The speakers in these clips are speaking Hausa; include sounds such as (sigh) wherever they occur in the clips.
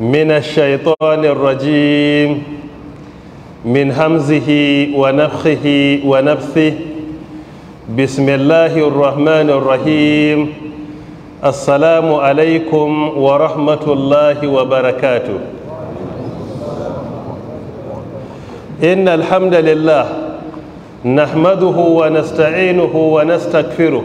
من الشيطان الرجيم من همزه ونفخه ونبثه بسم الله الرحمن الرحيم السلام عليكم ورحمة الله وبركاته إن الحمد لله نحمده ونستعينه ونستغفره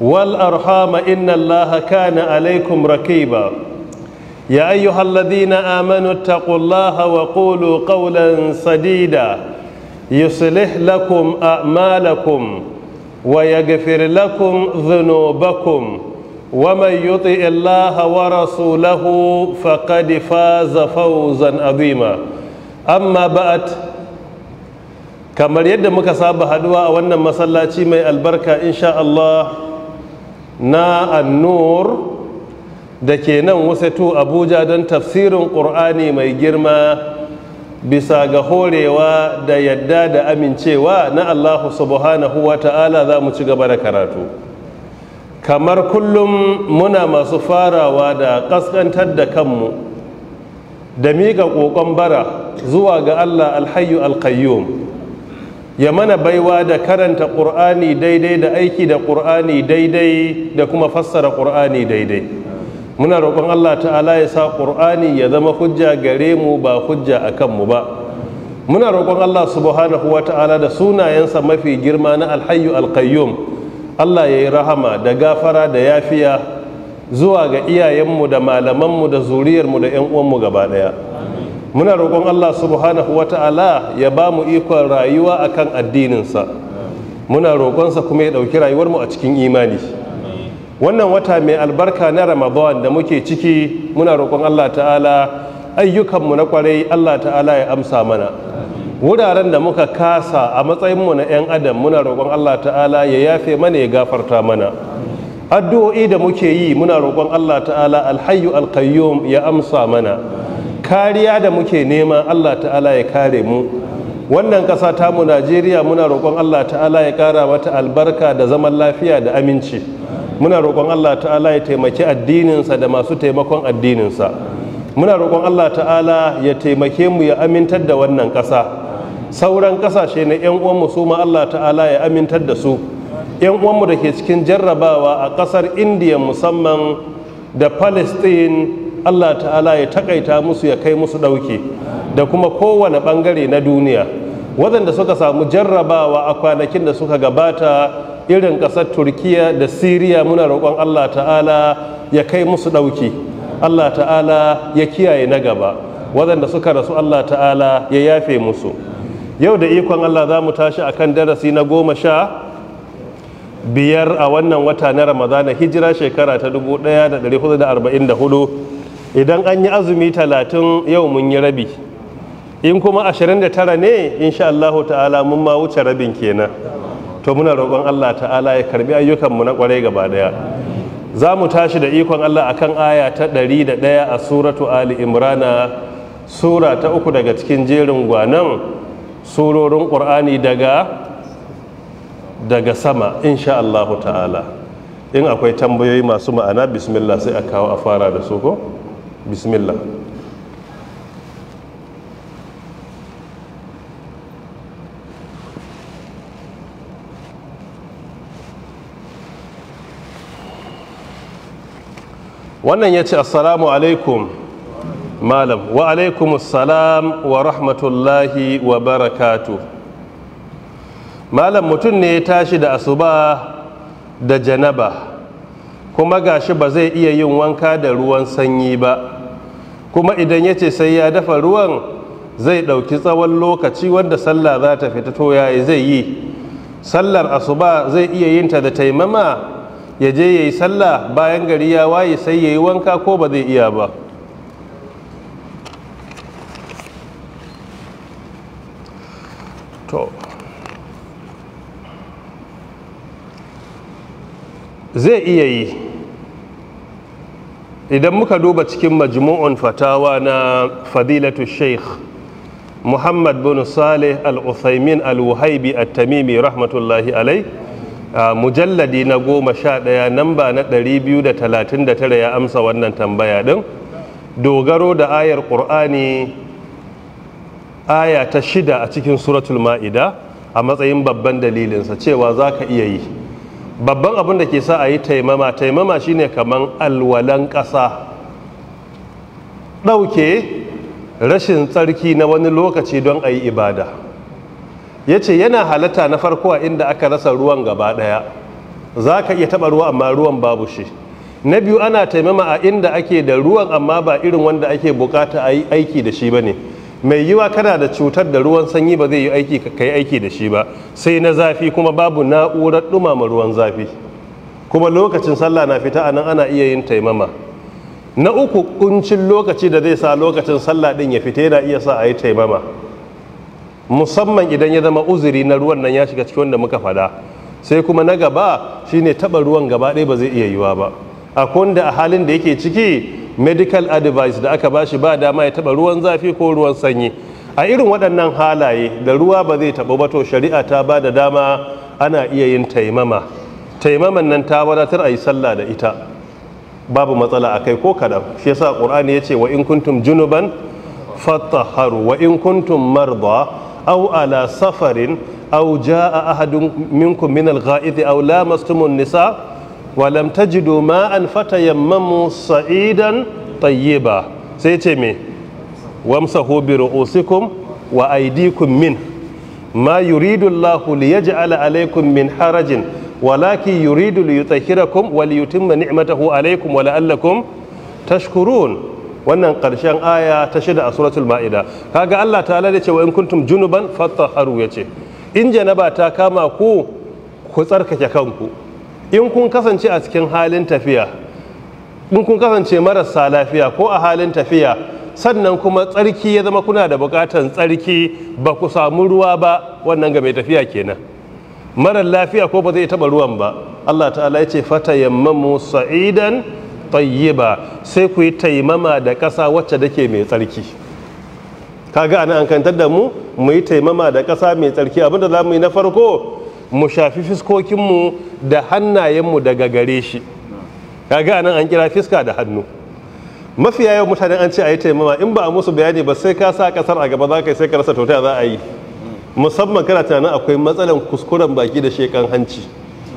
wal arhama inna allaha kana alaikum rakiba يا أيها الذين آمنوا اتقوا الله وقولوا قولا سديدا يصلح لكم أعمالكم ويغفر لكم ذنوبكم ومن يطئ الله ورسوله فقد فاز فوزا عظيما أما بعد kamar yadda muka saba haduwa a wannan masallaci mai albarka insha Allah na annur da ke nan wasatu abuja don tafsirin ƙur'ani mai girma bisa ga horewa da yadda da amincewa na allahu subhanahu wa ta'ala za mu ci gaba da karatu kamar kullum muna masu farawa da ƙasƙantar da kanmu da miƙa ƙoƙon bara zuwa ga allah alhayu alkayyum ya mana baiwa da karanta ƙur'ani daidai da aiki da ƙur'ani daidai da kuma fassara ƙur'ani daidai muna roƙon allah ta'ala ya sa ƙur'ani ya zama hujja gare mu ba hujja a kanmu ba muna roƙon allah subhanahu wa ta'ala da sunayensa mafi girma na alhayu alkayyum allah ya yi rahama da gafara da yafiya zuwa ga iyayenmu da malamanmu da zuriyarmu da 'yan uwanmu gaba ɗaya muna roƙon Allah subhanahu ta'ala ya ba mu ikon rayuwa a kan addininsa muna roƙonsa kuma ya ɗauki rayuwar mu a cikin imani wannan wata mai albarka na ramadan da muke ciki muna roƙon Allah ta'ala ayyukanmu na kwarai Allah ta'ala ya amsa mana wuraren da muka kasa a matsayinmu na 'yan adam muna roƙon Allah ta'ala ya yafe mana ya gafarta mana addu'o'i da muke yi muna roƙon Allah ta'ala alhayyu alkayyum ya amsa mana kariya da muke nema Allah ta'ala ya kare mu wannan ƙasa tamu najeriya muna roƙon allah ta'ala ya ƙara mata albarka da zaman lafiya da aminci muna roƙon allah ta'ala ya taimaki addininsa da masu taimakon addininsa muna roƙon allah ta'ala ya taimake mu ya amintar da wannan ƙasa sauran ƙasashe na 'yan uwanmu su ma allah ta'ala ya amintar da su 'yan uwanmu da ke cikin jarrabawa a ƙasar indiya musamman da palestine allah ta'ala ya takaita musu ya kai musu ɗauki da kuma kowane bangare na duniya waɗanda suka samu jarrabawa a kwanakin da suka gabata irin ƙasar turkiya da siriya muna roƙon allah ta'ala ya kai musu ɗauki allah ta'ala ya kiyaye na gaba wadanda suka rasu allah ta'ala ya yafe musu yau da ikon allah za mu tashi kan darasi na goma sha biyar a wannan wata na ramadana hijira shekara ta 1444 idan an yi azumi talatin yau mun yi rabi in kuma ashirin da tara ne insha Allah ta'ala mun ma wuce rabin kenan to muna roƙon Allah ta'ala ya karbi ayyukanmu na ƙwarai gaba ɗaya. za mu tashi da ikon Allah akan aya ta ɗaya a suratu Ali Imrana sura ta uku daga cikin jerin gwanan surorin ƙur'ani daga daga sama insha Allah ta'ala in akwai tambayoyi masu ma'ana bismillah sai a kawo a fara da su ko? bismillah wannan ya ce assalamu alaikum malam wa alaikum assalam wa rahmatullahi wa barakatu malam mutum ne ya tashi da asuba da janaba kuma gashi ba zai iya yin wanka da ruwan sanyi ba kuma idan ya ce sai ya dafa ruwan zai ɗauki tsawon lokaci wanda sallah za ta fita to yayi zai yi sallar asuba zai iya yin ta da taimama ya je ya yi sallah bayan gari ya waye sai ya yi wanka ko ba zai iya ba zai iya yi idan muka duba cikin majmu'un fatawa na fadilatu sheikh muhammad bin salih al-uthaymin al-wuhaibi at-tamimi rahmatullahi alai mujalladi na goma sha ɗaya ba na biyu da da talatin tara ya amsa wannan tambaya ɗin dogaro da ayar ƙur'ani aya ta shida a cikin suratul ma'ida a matsayin babban dalilinsa cewa za ka iya yi babban abin da ke sa a yi taimama taimama shine kaman alwalan ƙasa ɗauke rashin tsarki na wani lokaci don a yi ibada ya ce yana halatta na farko a inda aka rasa ruwan gaba ɗaya za ka iya taɓa ruwa amma ruwan babu shi na biyu ana taimama a inda ake da ruwan amma ba irin wanda ake bukata a yi aiki da shi ba ne mai yiwa kana da cutar da ruwan sanyi ba zai yi aiki ka yi aiki da shi ba sai na zafi kuma babu na'urar dumama ruwan zafi kuma lokacin sallah na fita anan ana iya yin taimama na uku kuncin lokaci da zai sa lokacin sallah ɗin ya fita yana iya sa a yi taimama musamman idan ya zama uzuri na ruwan nan ya shiga cikin wanda muka fada sai kuma na gaba shine taɓa ruwan gaba ɗaya ba zai iya yiwa ba a wanda a halin da yake ciki medical advice da aka bashi ba dama ya taba ruwan zafi ko ruwan sanyi a irin waɗannan halaye da ruwa ba zai taɓa ba to shari'a ta ba da dama ana iya yin taimama taimaman nan ta wadatar a yi sallah da ita babu matsala a kai ko kadan shi yasa ƙur'ani ya ce wa in kuntum junuban fattaharu wa in kuntum marda aw ala safarin aw jaa ahadun minkum min al-gha'id aw lamastumun nisa walam an fata fatayammamu sa'idan tayyiba sai ce me wamsahu bi ru'usikum wa aydikum min ma yuridu Allahu liyaj'ala alaykum min harajin walakin yuridu liyutahhirakum wa liyutimma ni'matahu alaykum wa la'allakum tashkurun wannan ƙarshen aya ta shida a suratul ma'ida kaga Allah tala da ce wa in kuntum junuban fattaharu ya ce in janaba ta kama ku ku tsarkake kanku in kun kasance a cikin halin tafiya in kun kasance marasa lafiya ko a halin tafiya sannan kuma tsarki ya zama kuna da bukatan tsarki ba ku samu ruwa ba wannan ga mai tafiya kenan marar lafiya ko ba zai taba ruwan ba Allah ta'ala ya ce fata yammamu sa'idan tayyiba sai ku yi taimama da ƙasa wacce dake mai tsarki kaga ana an kantar da mu mu yi taimama da ƙasa mai tsarki abinda za mu yi na farko mu shafi fiskokinmu da hannayenmu daga gare shi kaga anan an kira fiska da hannu mafiya yawan mutane an ce a yi taimama in ba a musu bayani ba sai ka sa kasar a gaba za ka sai ka rasa tota za a yi musamman kana tunanin akwai matsalan kuskuren baki da shekan hanci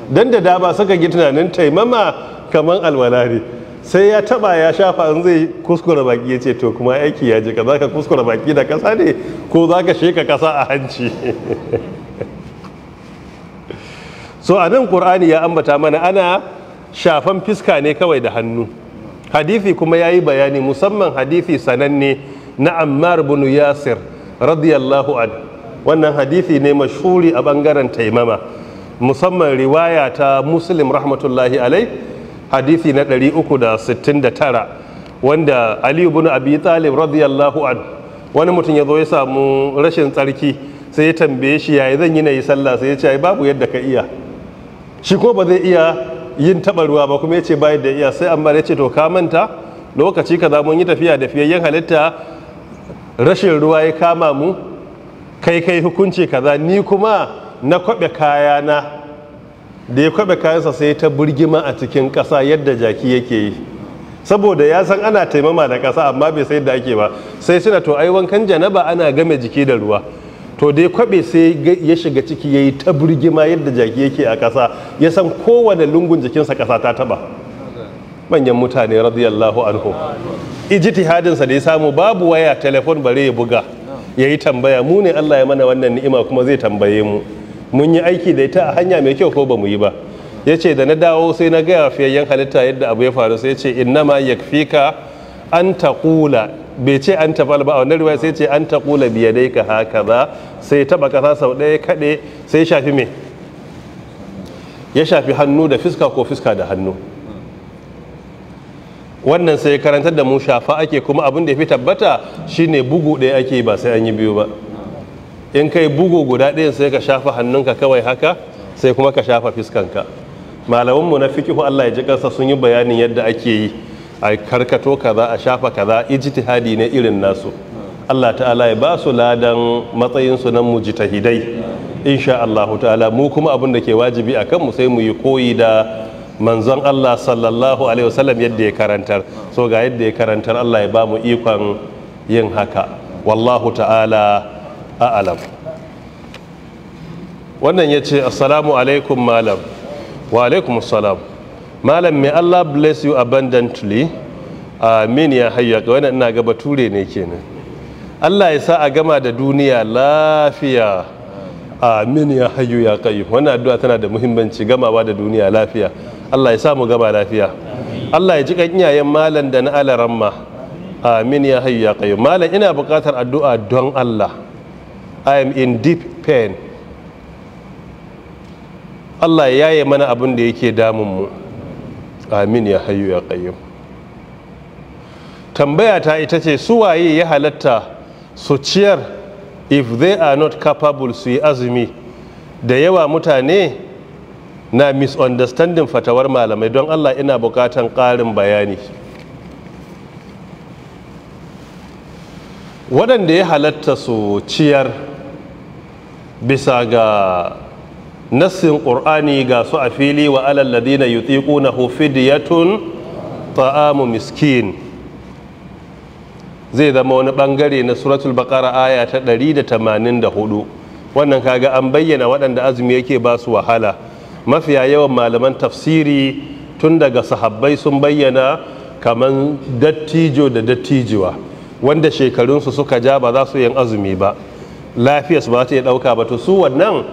dan da dama suka gina tunanin taimama kamar alwala ne sai ya taba ya shafa in zai kuskure baki ya ce to kuma aiki ya je ka za ka kuskure baki da kasa ne ko za ka sheka kasa a hanci (laughs) so a nan ƙur'ani ya ambata mana ana shafan fiska ne kawai da hannu hadithi kuma ya yi bayani musamman hadithi sananne na ammar bin yasir radiyallahu an wannan hadithi ne mashuri a bangaren taimama musamman riwaya ta muslim rahmatullahi alai hadithi na 369 wanda aliyu bin abi talib radiyallahu an wani mutum ya zo ya samu rashin tsarki sai ya tambaye shi yayi zan yi na yi sallah sai ya ce babu yadda ka iya shi ko ba zai iya yin taɓa ruwa ba kuma ya ce bayan da iya sai amma ya ce to ka manta lokaci kaza mun yi tafiya da fiyayyen halitta rashin ruwa ya kama mu kai kai hukunci kaza ni kuma na kwaɓe kayana da ya kwaɓe kayansa sai ta burgima a cikin ƙasa yadda jaki yake yi saboda ya san ana taimama da ƙasa amma bai sai da ake ba sai suna to ai wankan janaba ana game jiki da ruwa to dai kwabe sai ya shiga ciki ya yi ta burgima yadda jaki yake a ƙasa ya san kowane lungun jikinsa ƙasa ta taba manyan mutane radiyallahu anhu hadinsa da ya samu babu waya telefon bare ya buga ya yi tambaya mu ne Allah ya mana wannan ni'ima kuma zai tambaye mu mun yi aiki da ita a hanya mai kyau ko ba mu yi ba ya ce da na dawo sai na gaya fiyayyen halitta yadda abu ya faru sai ya ce innama yakfika an kula bai ce an ta ba a wani riwaya sai ce an taqula biya dai ka haka ba sai taba kasa sau ɗaya kaɗe sai shafi me ya shafi hannu da fiska ko fiska da hannu wannan sai karantar da mu shafa ake kuma abin da ya fi tabbata shine bugu ɗaya ake ba sai an yi biyu ba in kai bugu guda ɗaya sai ka shafa hannunka kawai haka sai kuma ka shafa fiskanka malamanmu na fikihu Allah ya ji kansa sun yi bayanin yadda ake yi a karkato kaza a shafa kaza ijtihadi ne irin nasu Allah ta'ala ya ba su ladan matsayin su nan mujtahidai insha Allah ta'ala mu kuma abin da ke wajibi a kanmu sai mu yi koyi da manzon Allah sallallahu alaihi wasallam yadda ya karantar so ga yadda ya karantar Allah ya ba mu ikon yin haka wallahu ta'ala a'lam wannan ya ce assalamu alaikum malam wa alaikum assalam malam may Allah bless you abundantly amin ya hayya ga wannan ina ga bature ne kenan Allah ya sa a gama da duniya lafiya amin ya hayyu ya qayyum wannan addu'a tana da muhimmanci gamawa da duniya lafiya Allah ya sa mu gama lafiya Allah ya ji kan iyayen malam da na alaramma amin ya hayyu ya qayyum malam ina buƙatar addu'a don Allah i am in deep pain Allah ya yaye mana abin da yake damun mu amin ya hayu ya qayyum tambaya ta ita ce su waye ya halatta su ciyar if they are not capable su yi azumi da yawa mutane na misunderstanding fatawar malamai don allah ina bukatan ƙarin bayani waɗanda ya halatta su ciyar bisa ga nassin ƙur'ani ga su a fili wa na alalladina na hufidiyatun, ta'amu miskin zai zama wani ɓangare na suratul baƙara aya ta hudu. wannan kaga an bayyana waɗanda azumi yake ba su wahala mafiya yawan malaman tafsiri tun daga sahabbai sun bayyana kamar dattijo da dattijuwa wanda shekarunsu suka ja ba za su yin azumi ba lafiyarsu ba ta yi ɗauka ba to su wannan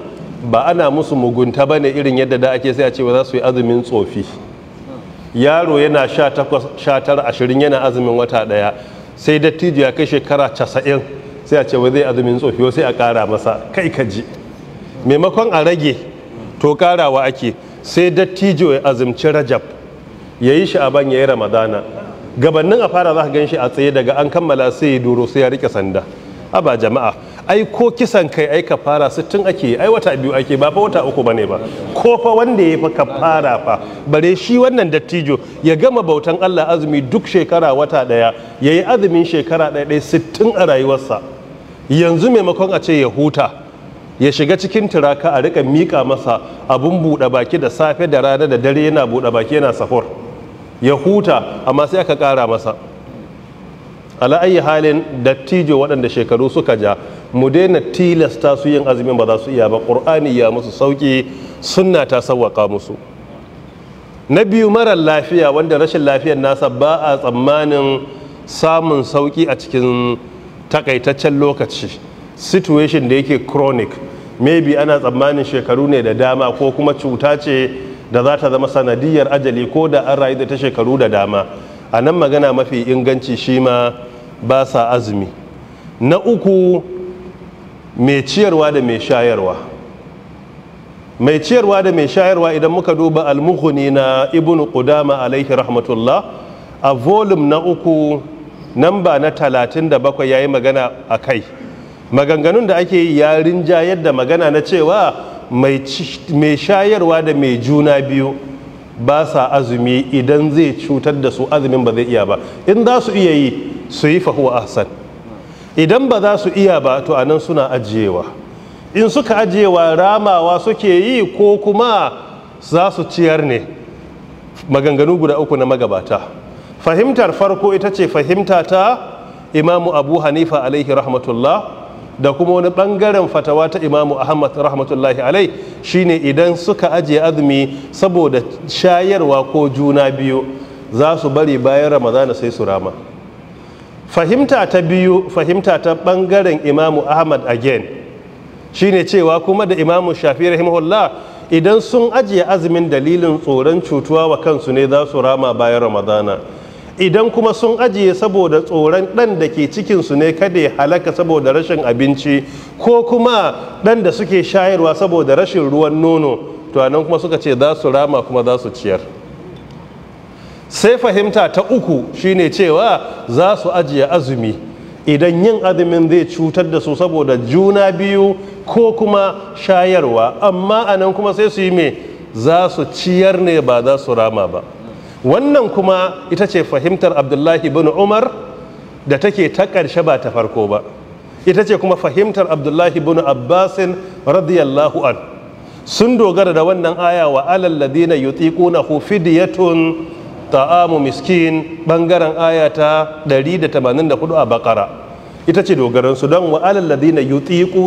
ba ana musu mugunta ba ne irin yadda da ake sai a ce ba za su yi azumin tsofi yaro yana sha takwas sha tara ashirin yana azumin wata daya sai dattijo ya kai shekara casa'in sai a ce ba zai azumin tsofi sai a kara masa kai ka ji maimakon a rage to ƙarawa ake sai dattijo ya azumci rajab ya yi ban ya yi ramadana Gabanin a fara za ka gan shi a tsaye daga an kammala sai ya duro sai ya rike sanda A ba jama'a ai ko kisan kai ai ka fara sittin ake ai wata biyu ake ba fa wata uku bane ba ko fa wanda ya fa ka fara fa bare shi wannan dattijo ya gama bautan Allah azumi duk shekara wata daya yayi azumin shekara daya dai sittin a rayuwarsa yanzu maimakon a ce ya huta ya shiga cikin turaka a rika mika masa abun buɗe baki da safe da rana da dare yana buɗe baki yana safor ya huta amma sai aka ƙara masa ala ayi halin dattijo waɗanda shekaru suka ja mu daina tilasta su yin azumin ba za su iya ba ƙur'ani ya musu sauƙi sunna ta sawwaka musu na biyu mara lafiya wanda rashin lafiyar nasa ba a tsammanin samun sauƙi a cikin takaitaccen lokaci situation da yake chronic maybe ana tsammanin shekaru ne da dama ko kuma cuta ce da za ta zama sanadiyar ajali ko da an rayu da ta shekaru da dama a nan magana mafi inganci shi ma ba sa azumi na uku mai ciyarwa da mai shayarwa mai ciyarwa da mai shayarwa idan muka duba almuhuni na ibn qudama alaihi rahmatullah a volume na uku namba na talatin da bakwai ya yi magana a kai maganganun da ake yi ya rinja yadda magana na cewa mai shayarwa da mai juna biyu ba sa azumi idan zai cutar da su azumin ba zai iya ba in za su iya yi su yi fahuwa ahsan idan ba za su iya ba to anan suna ajiyewa in suka ajiyewa ramawa suke yi ko kuma za su ciyar ne maganganu guda uku na magabata fahimtar farko ita ce fahimta ta imamu abu hanifa alaihi rahmatullah da kuma wani bangaren fatawa ta imamu ahmad rahmatullahi alai shine idan suka ajiye azumi saboda shayarwa ko juna biyu za su bari bayan ramadana sai su rama fahimta ta biyu fahimta ta bangaren imamu ahmad again shine cewa kuma da imamu shafi rahimahullah idan sun ajiye azumin dalilin tsoron cutuwa wa kansu ne za su rama bayan ramadana idan kuma sun ajiye saboda tsoron ɗan da ke cikinsu ne kada ya halaka saboda rashin abinci ko kuma ɗan da suke shayarwa saboda rashin ruwan nono to nan kuma suka ce za su rama kuma za su ciyar sai fahimta ta uku shine cewa za su ajiye azumi idan yin azumin zai cutar da su saboda juna biyu ko kuma shayarwa amma anan kuma sai su yi mai za su ciyar ne ba za su rama ba wannan kuma ita ce fahimtar abdullahi bin umar da take ta ƙarshe ba ta farko ba ita ce kuma fahimtar abdullahi bin abbasin radiyallahu an sun dogara da wannan aya wa alal ladina yutiqunahu hufidiyatun ta'amu miskin bangaren aya ta 184 a bakara ita ce dogaransu don wa alal ladina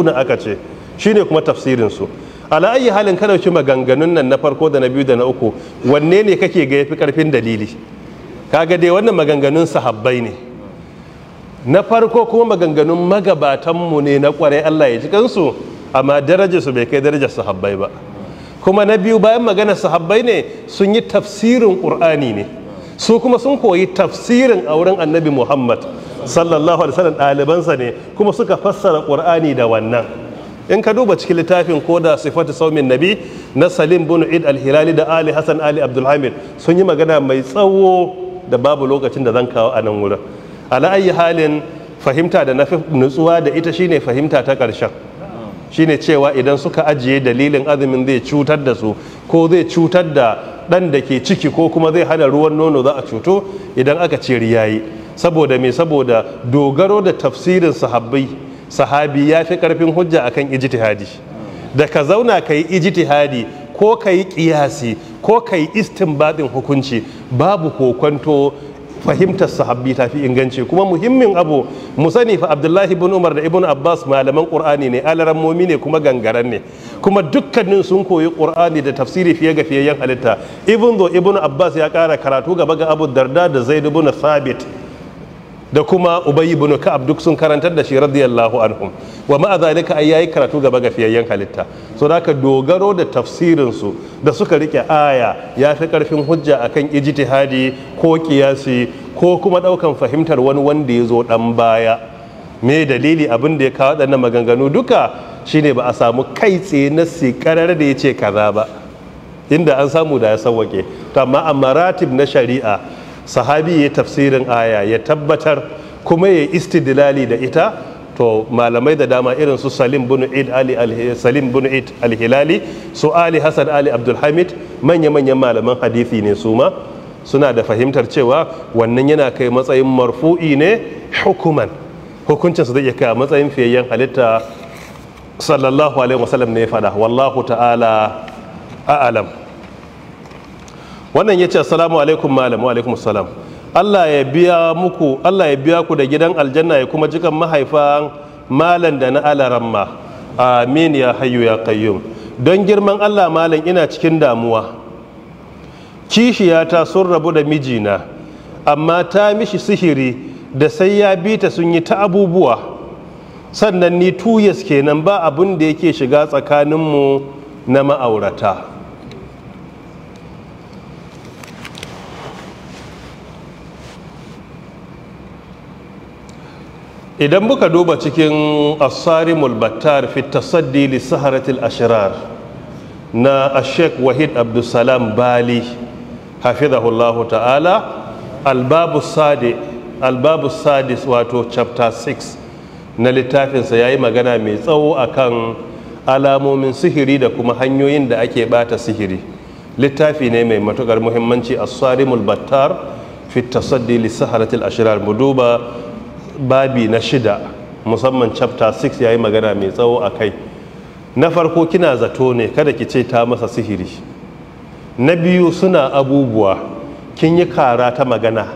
na aka ce shine kuma tafsirinsu ala ayi halin ka dauki maganganun nan na farko da na biyu da na uku wanne ne kake ga yafi karfin dalili kaga dai wannan maganganun sahabbai ne na farko kuma maganganun mu ne na kwarai Allah ya ji kansu amma darajarsu bai kai darajar sahabbai ba kuma na biyu bayan magana sahabbai ne sun yi tafsirin ƙur'ani ne su kuma sun koyi tafsirin a wurin annabi muhammad sallallahu alaihi wasallam ɗalibansa ne kuma suka fassara ƙur'ani da wannan in ka duba cikin littafin ko da sifatu saumin nabi na salim bin id al-hilali da ali hassan ali abdulhamid sun yi magana mai tsawo da babu lokacin da zan kawo a nan wurin ala ayi halin fahimta da na nutsuwa da ita shine fahimta ta ƙarshen shine cewa idan suka ajiye dalilin azumin zai cutar da su ko zai cutar da dan da ke ciki ko kuma zai hana ruwan nono za a cuto idan aka ce riyayi saboda me saboda dogaro da tafsirin sahabbai sahabi ya fi karfin hujja akan ijtihadi da ka zauna ka yi ijtihadi ko ka yi kiyasi ko ka yi istin-baɗin hukunci babu kokonto fahimtar sahabbi ta fi inganci kuma muhimmin abu mu sani fa abdullahi ibn umar da ibn abbas malaman qur'ani ne alarammomi ne kuma gangaran ne kuma dukkanin sun koyi qur'ani da tafsiri fiye ga fiye, yan halitta ibn ibn abbas ya kara karatu gaba ga abu darda da zaid ibn thabit da kuma ubayi ibn ka'ab duk sun karantar da shi radiyallahu anhum wa ma'a zalika ai yayi karatu gaba ga fiyayyen halitta so haka dogaro da tafsirin su da suka rike aya ya fi karfin hujja akan ijtihadi ko kiyasi ko kuma daukan fahimtar wani wanda ya zo dan baya me dalili abin da ya kawo dan maganganu duka shine ba a samu kai tsaye na sikarar da ya ce kaza ba inda an samu da ya sawwake to amma a maratib na shari'a sahabi ya tafsirin aya ya tabbatar kuma ya istidlali da ita to malamai da dama irin su salim bin id ali salim bin id al-hilali su ali hasan ali abdulhamid manya-manyan malaman hadisi ne su ma suna da fahimtar cewa wannan yana kai matsayin marfu'i ne hukuman su zai iya kai a matsayin fiyayyen halitta sallallahu alaihi wasallam ne ya faɗa wallahu ta'ala a'alam wannan ya ce assalamu alaikum malam alaikum assalam Allah ya biya muku Allah ya biya ku da gidan aljanna ya kuma jikan mahaifan malam da na alaramma amin ya hayyu ya qayyum don girman Allah malam ina cikin damuwa kishiyata sun rabu da mijina amma ta mishi sihiri da sai ya bi ta sun yi ta abubuwa sannan ni tuyas kenan ba abin da yake shiga tsakaninmu na ma'aurata idan muka duba cikin asari mulbattar fi li saharatil ashirar na ashek wahid abdulsalam bali hafizahullahu ta'ala albabu sadi albabu sadi wato chapter 6 na littafinsa ya yi magana mai tsawo akan alamomin sihiri da kuma hanyoyin da ake bata sihiri littafi ne mai matukar muhimmanci asarimul battar fi li saharatil ashirar mu duba babi na shida musamman chapter 6 ya yi magana mai tsawo a kai na farko kina zato ne kada ki ce ta masa sihiri na biyu suna abubuwa kin yi kara ta magana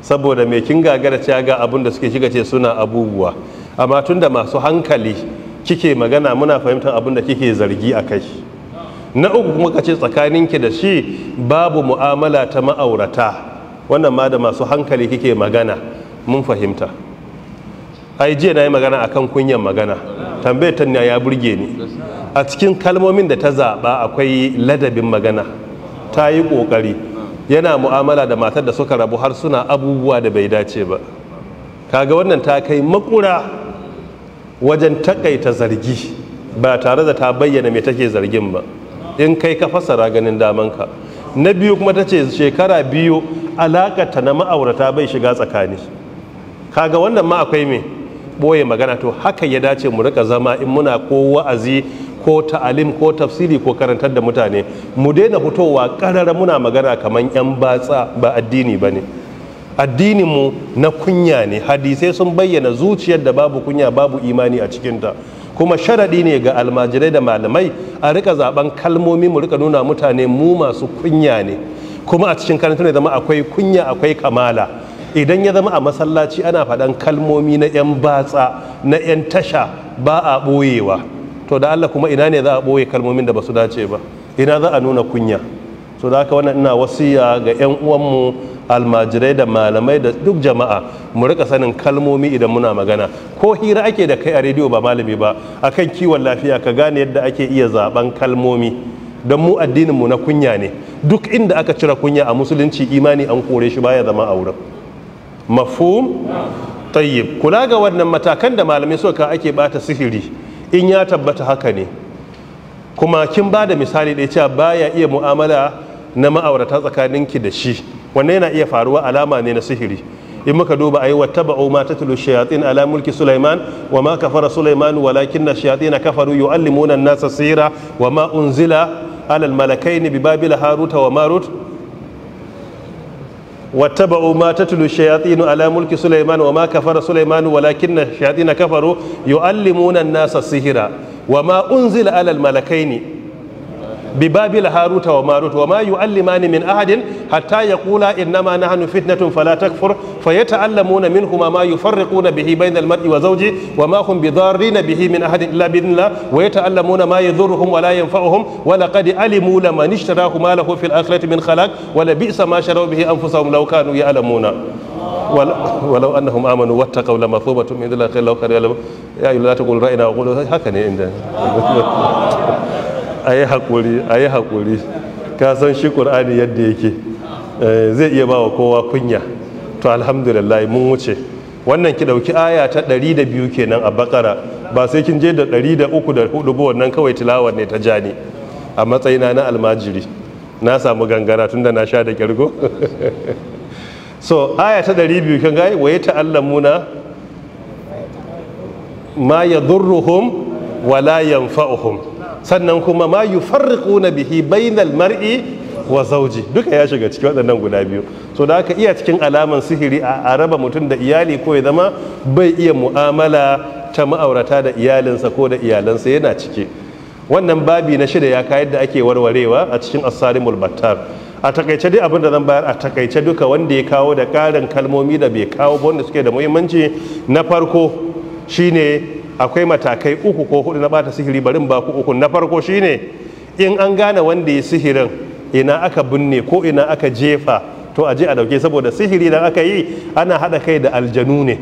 saboda mai kin gagara ce ga abin da suke shiga ce suna abubuwa amma tun da masu hankali kike magana muna fahimtar abin da kike zargi a kai na uku kuma ka ce ki da shi babu mu'amala ta ma'aurata wannan ma da masu hankali kike magana mun fahimta ai jiya na yi magana akan kunyan magana tambayar ta ya burge ni a cikin kalmomin da ta zaɓa akwai ladabin magana ta yi ƙoƙari yana mu'amala da matar da suka rabu har suna abubuwa da bai dace ba kaga wannan ta kai makura wajen takaita zargi ba tare da ta bayyana mai take zargin ba in kai ka fasara ganin damanka na biyu kuma ta ce shekara biyu alaƙata na ma'aurata bai shiga tsakani kaga wannan ma akwai mai ɓoye magana to haka ya dace mu rika zama in muna ko wa'azi ko ta'alim ko tafsiri ko karantar da mutane mu daina fitowa ƙarara muna magana kamar 'yan batsa ba addini ba ne addininmu na kunya ne hadisai sun bayyana zuciyar da babu kunya babu imani a cikinta kuma sharaɗi ne ga almajirai da malamai a rika zaben kalmomi mu rika nuna mutane mu masu kunya ne kuma a cikin karantar da zama akwai kunya akwai kamala idan ya zama a masallaci ana faɗan kalmomi na 'yan batsa na 'yan tasha ba a ɓoyewa to da Allah kuma ina ne za a ɓoye kalmomin da ba su dace ba ina za a nuna kunya so da haka wannan ina wasiya ga 'yan uwanmu almajirai da malamai da duk jama'a mu rika sanin kalmomi idan muna magana ko hira ake da kai a rediyo ba malami ba akan kiwon lafiya ka gane yadda ake iya zaben kalmomi don mu addininmu na kunya ne duk inda aka cire kunya a musulunci imani an kore shi baya zama a wurin mafhum tayyib kula ga wannan matakan da malamai suka ake bata sihiri in ya tabbata haka ne kuma kin ba da misali da cewa baya iya mu'amala na ma'aurata tsakaninki da shi wannan yana iya faruwa alama ne na sihiri in muka duba ayi wattaba'u ma tatlu shayatin ala mulki sulaiman wa ma kafara sulaiman walakin ash-shayatin kafaru yu'allimuna an-nasa sihra wa ma unzila ala al-malakaini bi babila haruta wa marut واتبعوا ما تتلو الشياطين على ملك سليمان وما كفر سليمان ولكن الشياطين كفروا يعلمون الناس السحر وما أنزل على الملكين bi babil haruta wa marut wa ma yu'allimani min ahadin hatta yaqula innama nahnu fitnatun fala takfur fayata'allamuna minhuma ma yufarriquna bihi bainal mar'i wa zauji. wa ma hum bihi min ahadin illa bi'idhnillah wa yata'allamuna ma yadhurruhum wa la yanfa'uhum wa laqad alimu laman ishtarahu ma lahu fil akhirati min khalaq ولو انهم امنوا واتقوا لمثوبه من الله خير لو كانوا يعلمون يا ايها الذين تقولوا راينا وقولوا هكذا عندنا Ayi yi haƙuri a haƙuri ka san shi ƙur'ani yadda yake eh, zai iya ba wa kowa kunya to alhamdulillah mun wuce wannan ki ɗauki aya ta 102 kenan a bakara ba sai kin je da 103 da ba wannan kawai tilawar ne ta jani a matsayina na almajiri na samu gangara tunda na sha da kirgo (laughs) so aya ta 200 kin ga waye ta Allah muna ma yadurruhum wala yanfa'uhum sannan kuma ma na bihi bainal mar'i wa zauji duka ya shiga cikin waɗannan guda biyu so da aka iya cikin alaman sihiri a raba mutum da iyali ko ya zama bai iya mu'amala ta ma'aurata da iyalinsa ko da iyalansa yana ciki wannan babi na shida ya kayar da ake warwarewa a cikin asarimul battar a takaice dai abin zan bayar a takaice duka wanda ya kawo da ƙarin kalmomi da bai kawo ba wanda suke da muhimmanci na farko shine akwai matakai uku ko hudu na bata sihiri barin baku uku na farko shine in an gane wanda ya sihirin ina aka binne ko ina aka jefa to a je a dauke saboda sihiri da aka yi ana hada kai da aljanu ne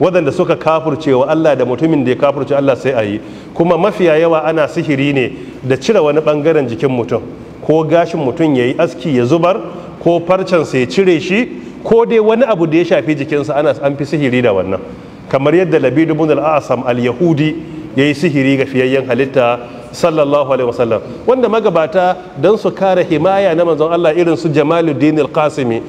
waɗanda suka kafurce wa Allah da mutumin da ya kafurce Allah sai a yi kuma mafiya yawa ana sihiri ne da cire wani bangaren jikin mutum ko gashin mutum ya yi aski ya zubar ko farcensa ya cire shi ko dai wani abu da ya shafi jikinsa ana an fi sihiri da wannan kamar yadda labidu bin al-asam al-yahudi yi sihiri ga fiyayyen halitta sallallahu alaihi wasallam wanda magabata don su kare himaya na manzon Allah irin su Jamalu, al-Qasimi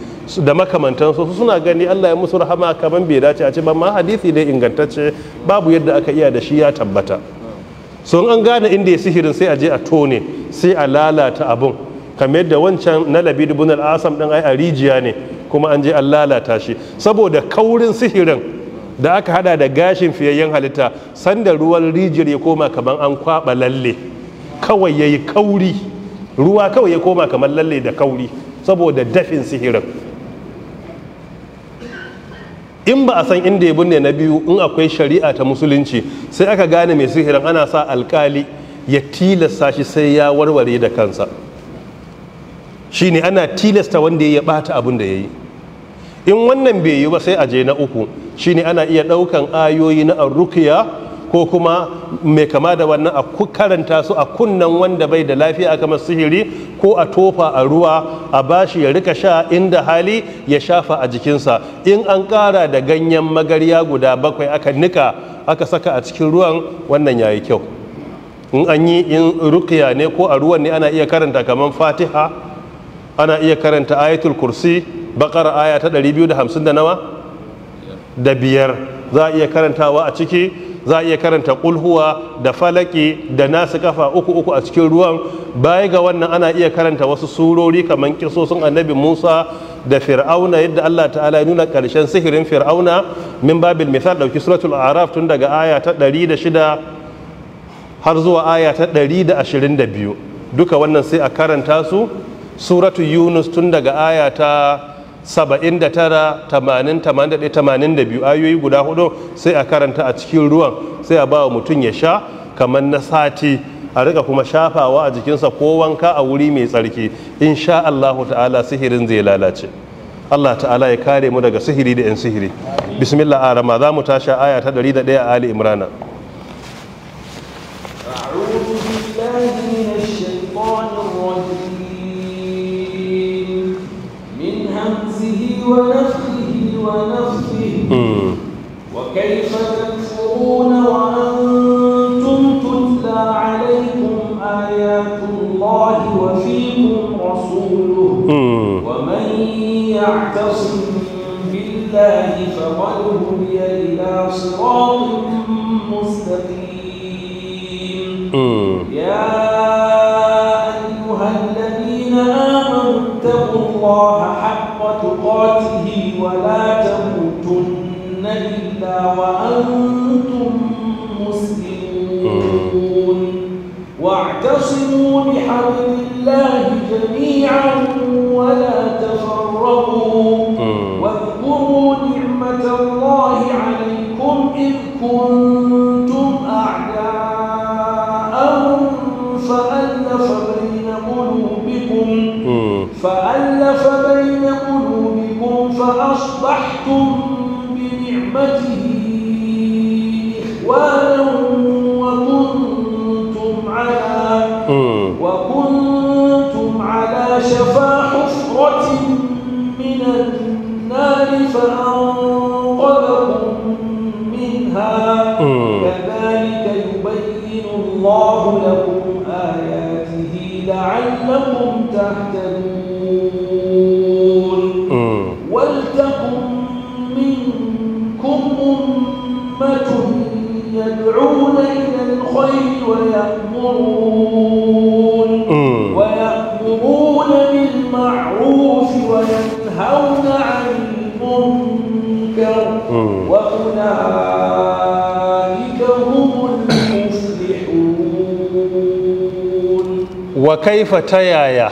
da makamantansu suna gani Allah ya musu rahama kamar bai dace a ce ba ma hadisi dai ingantacce babu yadda aka iya da shi ya tabbata sun an gane inda ya sihirin sai a je a tone sai a lalata abun kamar yadda wancan na Labidu, ibn al-Asam din ai a rijiya ne kuma an je an lalata shi saboda kaurin sihirin da aka hada da gashin fiyayyen halitta sanda ruwan rijiyar ya koma kamar an kwaba lalle kawai ya yi kauri ruwa kawai ya koma kamar lalle da kauri saboda dafin sihirin in ba a san inda ya binne na biyu in akwai shari'a ta musulunci sai aka gane mai sihirin ana sa alkali ya tilasta shi sai ya warware da kansa shine ana tilasta wanda ya bata abin da ya yi in wannan bai yi ba sai aje na uku shine ana iya ɗaukan ayoyi na arrukiya ko kuma mai kama da wannan a karanta su a kunnan wanda bai da lafiya kamar sihiri ko a tofa a ruwa a bashi ya rika sha inda hali ya shafa a jikinsa in an ƙara da ganyen magarya guda bakwai aka nika aka saka a cikin ruwan wannan ya yi kyau in an yi in rukiya ne ko a ruwan ne ana iya karanta kamar fatiha ana iya karanta ayatul kursi bakar aya ta 250 da nawa da biyar za a iya karantawa a ciki za a iya karanta kulhuwa da falaki da nasu kafa uku uku a cikin ruwan baya ga wannan ana iya karanta wasu surori kamar kisosin annabi musa da fir'auna yadda allah ta'ala ya nuna karshen sihirin fir'auna min babil misal dauki suratul araf tun daga aya ta 106 har zuwa aya ta 122 duka wannan sai a karanta su suratu yunus tun daga aya ta tamanin da biyu, ayoyi guda hudu sai a karanta a cikin ruwan sai a ba wa mutum ya sha kamar na sati a rika kuma shafawa a jikinsa ko wanka a wuri mai tsarki sha Allahu ta'ala sihirin zai lalace Allah ta'ala ya kare mu daga sihiri da 'yan sihiri bismillah arama za mu tasha aya ta 101 a ali imrana ونفسه ونفسه وكيف تكفرون وأنتم تتلى عليكم آيات الله وفيكم رسوله ومن يعتصم بالله فقد هدي إلى صراط مستقيم يا أيها الذين آمنوا اتقوا الله حق صدقاته ولا تموتن إلا وأنتم مسلمون واعتصموا بحبل الله جميعا kaifa ta yaya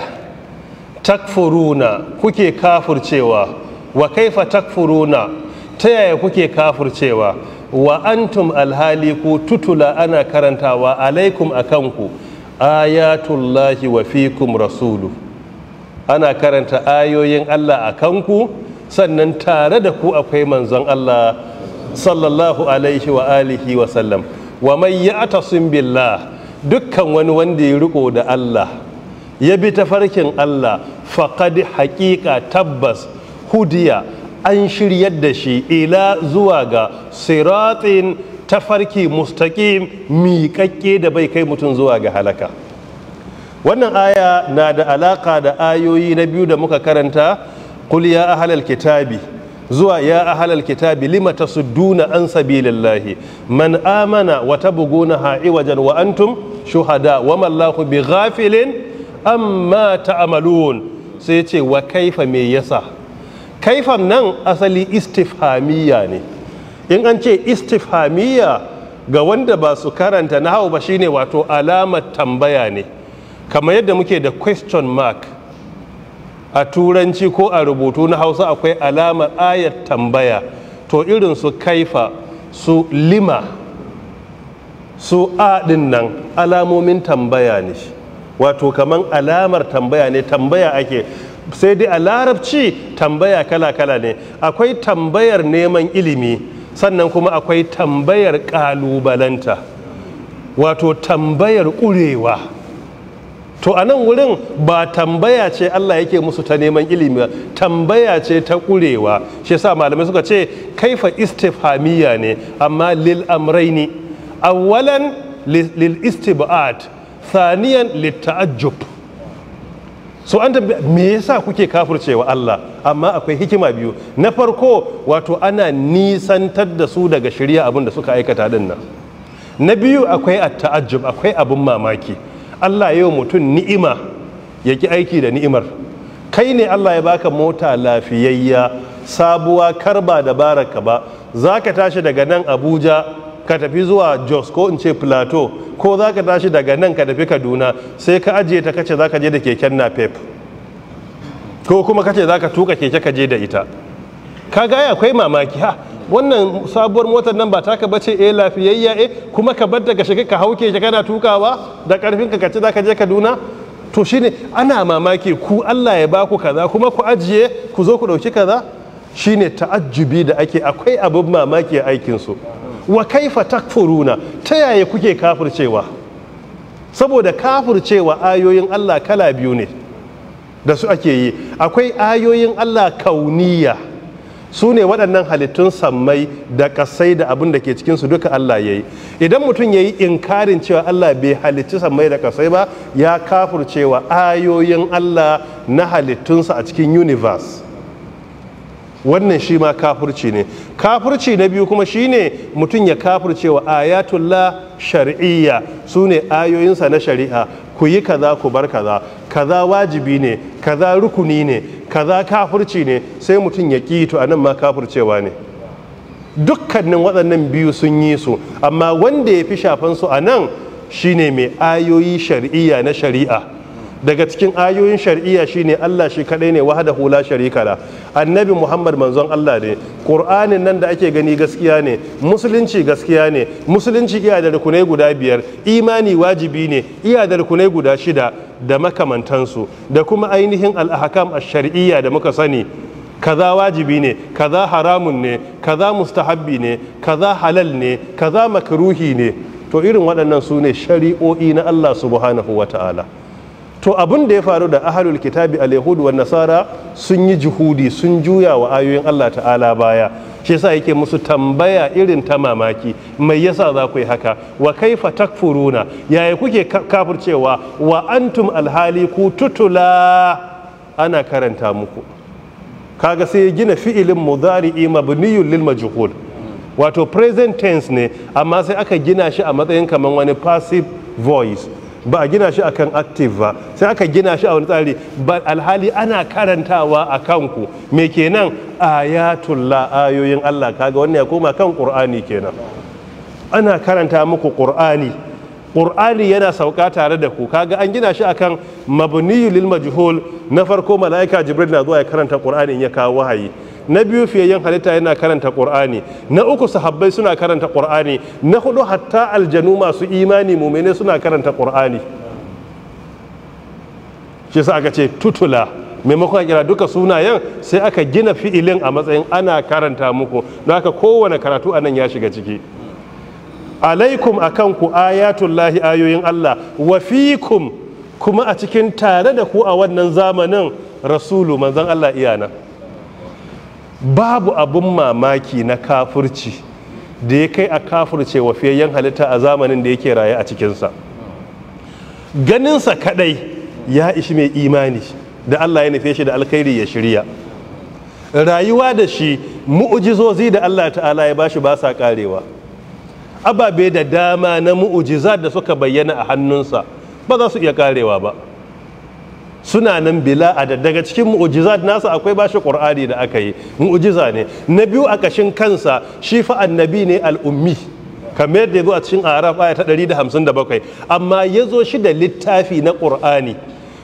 takfuruna kuke kafurcewa wa kaifa takfuruna ta yaya kuke kafurcewa wa antum alhali ku tutula ana karantawa alaikum a kanku ayatullahi wa fikum rasulu ana karanta ayoyin Allah a kanku sannan tare da ku akwai manzon Allah sallallahu alaihi wa alihi wa sallam wa man ya'tasim billah dukkan wani wanda ya riko da Allah ya bi tafarkin Allah faƙad haƙiƙa tabbas hudiya an shiryar da shi ila zuwa ga siratin tafarki mustaƙim miƙaƙƙe da bai kai mutum zuwa ga halaka wannan aya na da alaƙa da ayoyi na biyu da muka karanta kul ya ahalal kitabi zuwa ya ahalal kitabi lima tasudduna an sabilillahi man amana wa na ha'i wajen wa antum shuhada wa mallahu bi ghafilin amma ta ta'malun sai ce wa kaifa me yasa kaifan nan asali istifhamiya ne in an ce istifhamiya ga wanda ba su karanta na hau ba shine wato alamar tambaya ne kamar yadda muke da question mark a turanci ko a rubutu na hausa akwai alamar ayar tambaya to irin su kaifa su lima su a nan alamomin tambaya ne shi wato kamar alamar tambaya ne tambaya ake sai dai a larabci tambaya kala-kala ne akwai tambayar neman ilimi sannan kuma akwai tambayar kalubalanta wato tambayar ƙurewa to a nan wurin ba tambaya ce Allah yake musu ta neman ilimi ba tambaya ce ta ƙurewa shi sa malamai suka ce kaifa istifhamiya ne amma lil amraini awwalan lil istibad thaniyan litta'ajjub so an tabbi me yasa kuke kafircewa Allah amma akwai hikima biyu na farko wato ana nisantar da su daga shirya abin da suka aikata din nan na biyu akwai at akwai abin mamaki Allah yau mutum ni'ima yaki aiki da ni'imar kai ne Allah ya baka mota lafiyayya sabuwa karba da baraka ba zaka tashi daga nan Abuja ka tafi zuwa jos ko in ce plateau ko za ka tashi daga nan ka tafi kaduna sai ka ajiye ta kace za ka je da keken napep ko kuma kace za ka tuka keke ka je da ita ka gaya akwai mamaki ha wannan sabuwar motar nan ba ka bace eh lafiyayya eh kuma ka bar daga shiga ka hauke shi kana tukawa da karfin ka kace ka je Kaduna to shine ana mamaki ku Allah ya baku kaza kuma ku ajiye ku zo ku dauki kaza shine ta'ajjubi da ake akwai abin mamaki a aikin su wa kaifa takfuruna ta yaya kuke kafircewa saboda kafircewa ayoyin Allah kala biyu ne da su ake yi akwai ayoyin Allah kauniya su ne waɗannan halittun sammai da ƙasai da abin da ke cikinsu duka Allah ya yi idan mutum ya yi inkarin cewa Allah bai halitti sammai da ƙasai ba ya kafurcewa ayoyin Allah na halittunsa a cikin universe wannan shi ma kafurci ne kafurci na biyu kuma shine mutum ya kafurce wa ayatullah shar'iyya su ne ayoyinsa na shari'a ku yi kaza ku bar kaza kaza wajibi ne kaza rukuni ne kaza kafurci ne sai mutum ya ki to anan ma kafurcewa ne dukkanin waɗannan biyu sun yi su amma wanda ya fi shafan su a nan shine mai ayoyi shari'iyya na shari'a daga cikin ayoyin shar'iyya shine Allah shi kadai ne wahdahu hula sharika annabi Muhammad manzon Allah ne Qur'anin nan da ake gani gaskiya ne musulunci gaskiya ne musulunci iya da rukunai guda biyar imani wajibi ne iya da rukunai guda shida da makamantansu da kuma ainihin al a ash-shar'iyya da muka sani kaza wajibi ne kaza haramun ne kaza mustahabbi ne kaza halal ne kaza makruhi ne to irin waɗannan su ne shari'o'i na Allah subhanahu wa ta'ala to abin da ya faru da ahalul kitabi al wa nasara sun yi juhudi sun juya wa ayoyin Allah ta'ala baya shi yasa yake musu tambaya irin ta mamaki mai yasa za ku yi haka wa kaifa takfuruna yaya kuke kafircewa wa antum alhali ku tutula ana karanta muku kaga sai ya gina fi'ilin mudari'i mabniyun lil majhul wato present tense ne amma sai aka gina shi a matsayin kamar wani passive voice ba a gina shi akan active ba sai aka gina shi a wani tsari ba alhali ana karantawa a kanku me kenan ayatullah ayoyin Allah kaga wannan ya koma kan qur'ani kenan ana karanta muku qur'ani qur'ani yana sauka tare da ku kaga an gina shi akan mabniyu lil majhul na farko malaika jibril na zuwa ya karanta qur'ani ya kawo wahayi na biyu fiyayyen halitta yana karanta Kur'ani, na uku sahabbai suna karanta Kur'ani, na hudu hatta aljanu masu imani mumene suna karanta Kur'ani. shi sa aka ce tutula maimakon a kira duka sunayen sai aka gina fi'ilin a matsayin ana karanta muku don haka kowane karatu anan ya shiga ciki alaikum a kanku lahi ayoyin Allah wa kuma a cikin tare da ku a wannan zamanin rasulu manzon Allah iyana babu abun mamaki na kafurci da ya kai a kafurce wa halitta a zamanin da yake raye a cikinsa ganinsa kadai ya ishi mai imani da Allah ya nufe shi da alkhairi ya shirya rayuwa da shi mu'ujizozi da Allah ta'ala ya bashi ba sa karewa ababe da dama na mu'ujiza da suka bayyana a hannunsa ba za su iya karewa ba suna nan bila adad daga cikin mu'ujizat nasa akwai bashi qur'ani da aka yi mu'ujiza ne na biyu a kashin kansa shi fa annabi ne al'ummi kamar yadda yazo a cikin araf aya ta 157 amma yazo shi da littafi na qur'ani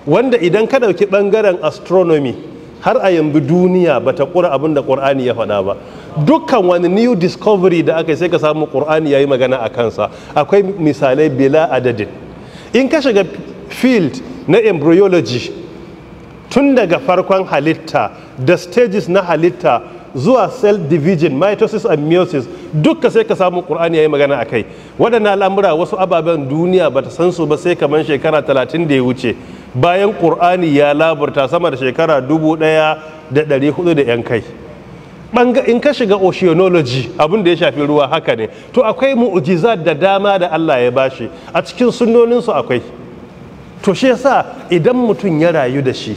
wanda idan ka dauki bangaren astronomi har a yanzu duniya bata kura abin da qur'ani ya faɗa ba dukkan wani new discovery da aka yi sai ka samu ya yi magana a kansa akwai misalai bila adadin in ka shiga field na embryology tun daga farkon halitta da stages na halitta zuwa cell division mitosis and meiosis duka sai ka samu ya yi magana a kai waɗannan al'amura wasu ababen duniya ba ta san su ba sai kamar shekara 30 da ya wuce bayan ƙur'ani ya laburta sama da shekara 1400 da yan kai in ka shiga oceanology abin da ya shafi ruwa haka ne to akwai mu'ujizat da dama da Allah ya bashi a cikin sunnoninsu akwai to shi yasa idan mutum ya rayu da shi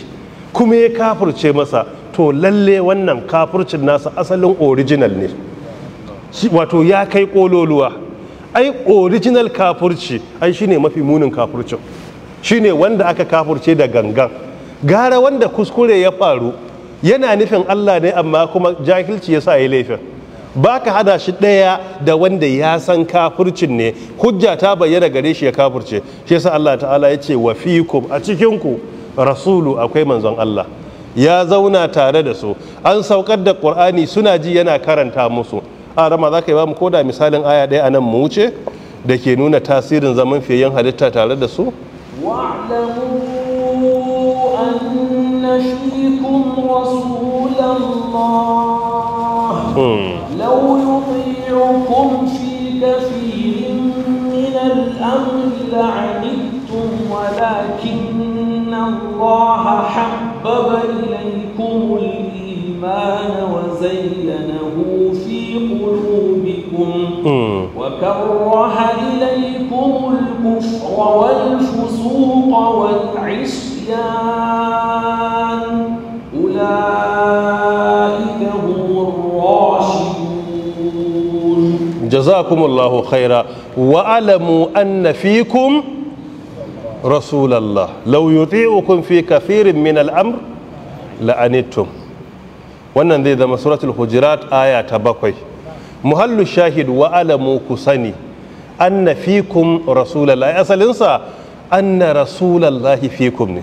kuma ya kafurce masa to lalle wannan kafurcin nasa asalin original ne wato ya kai kololuwa ai original kafurci ai shine mafi munin kafurcin shine wanda aka kafurce da gangan gara wanda kuskure ya faru yana nufin Allah ne amma kuma jahilci yasa ya laifin ba ka hada shi ɗaya da wanda ya san kafurcin ne hujja ta bayyana gare shi ya kafurce. shi yasa Allah ta'ala ya ce wa fikum a cikinku rasulu akwai manzon Allah ya zauna tare da su an saukar da ƙur'ani suna ji yana karanta musu a rama za ka yi ba mu koda misalin aya ɗaya a nan mu wuce da ke nuna tasirin zaman fiye halitta tare da su Hmm. ولكن الله حبب إليكم الإيمان وزينه في قلوبكم وكره إليكم الكفر والفسوق والعصيان أولئك هم الراشدون جزاكم الله خيرا واعلموا أن فيكم rasulallah lau ukun fi kafirin min al'amr la'anittum wannan zai zama suratul hujurat aya ta bakwai muhallu shahid wa alamu ku sani anna fikum rasulallah asalinsa anna rasulallahi fikum ne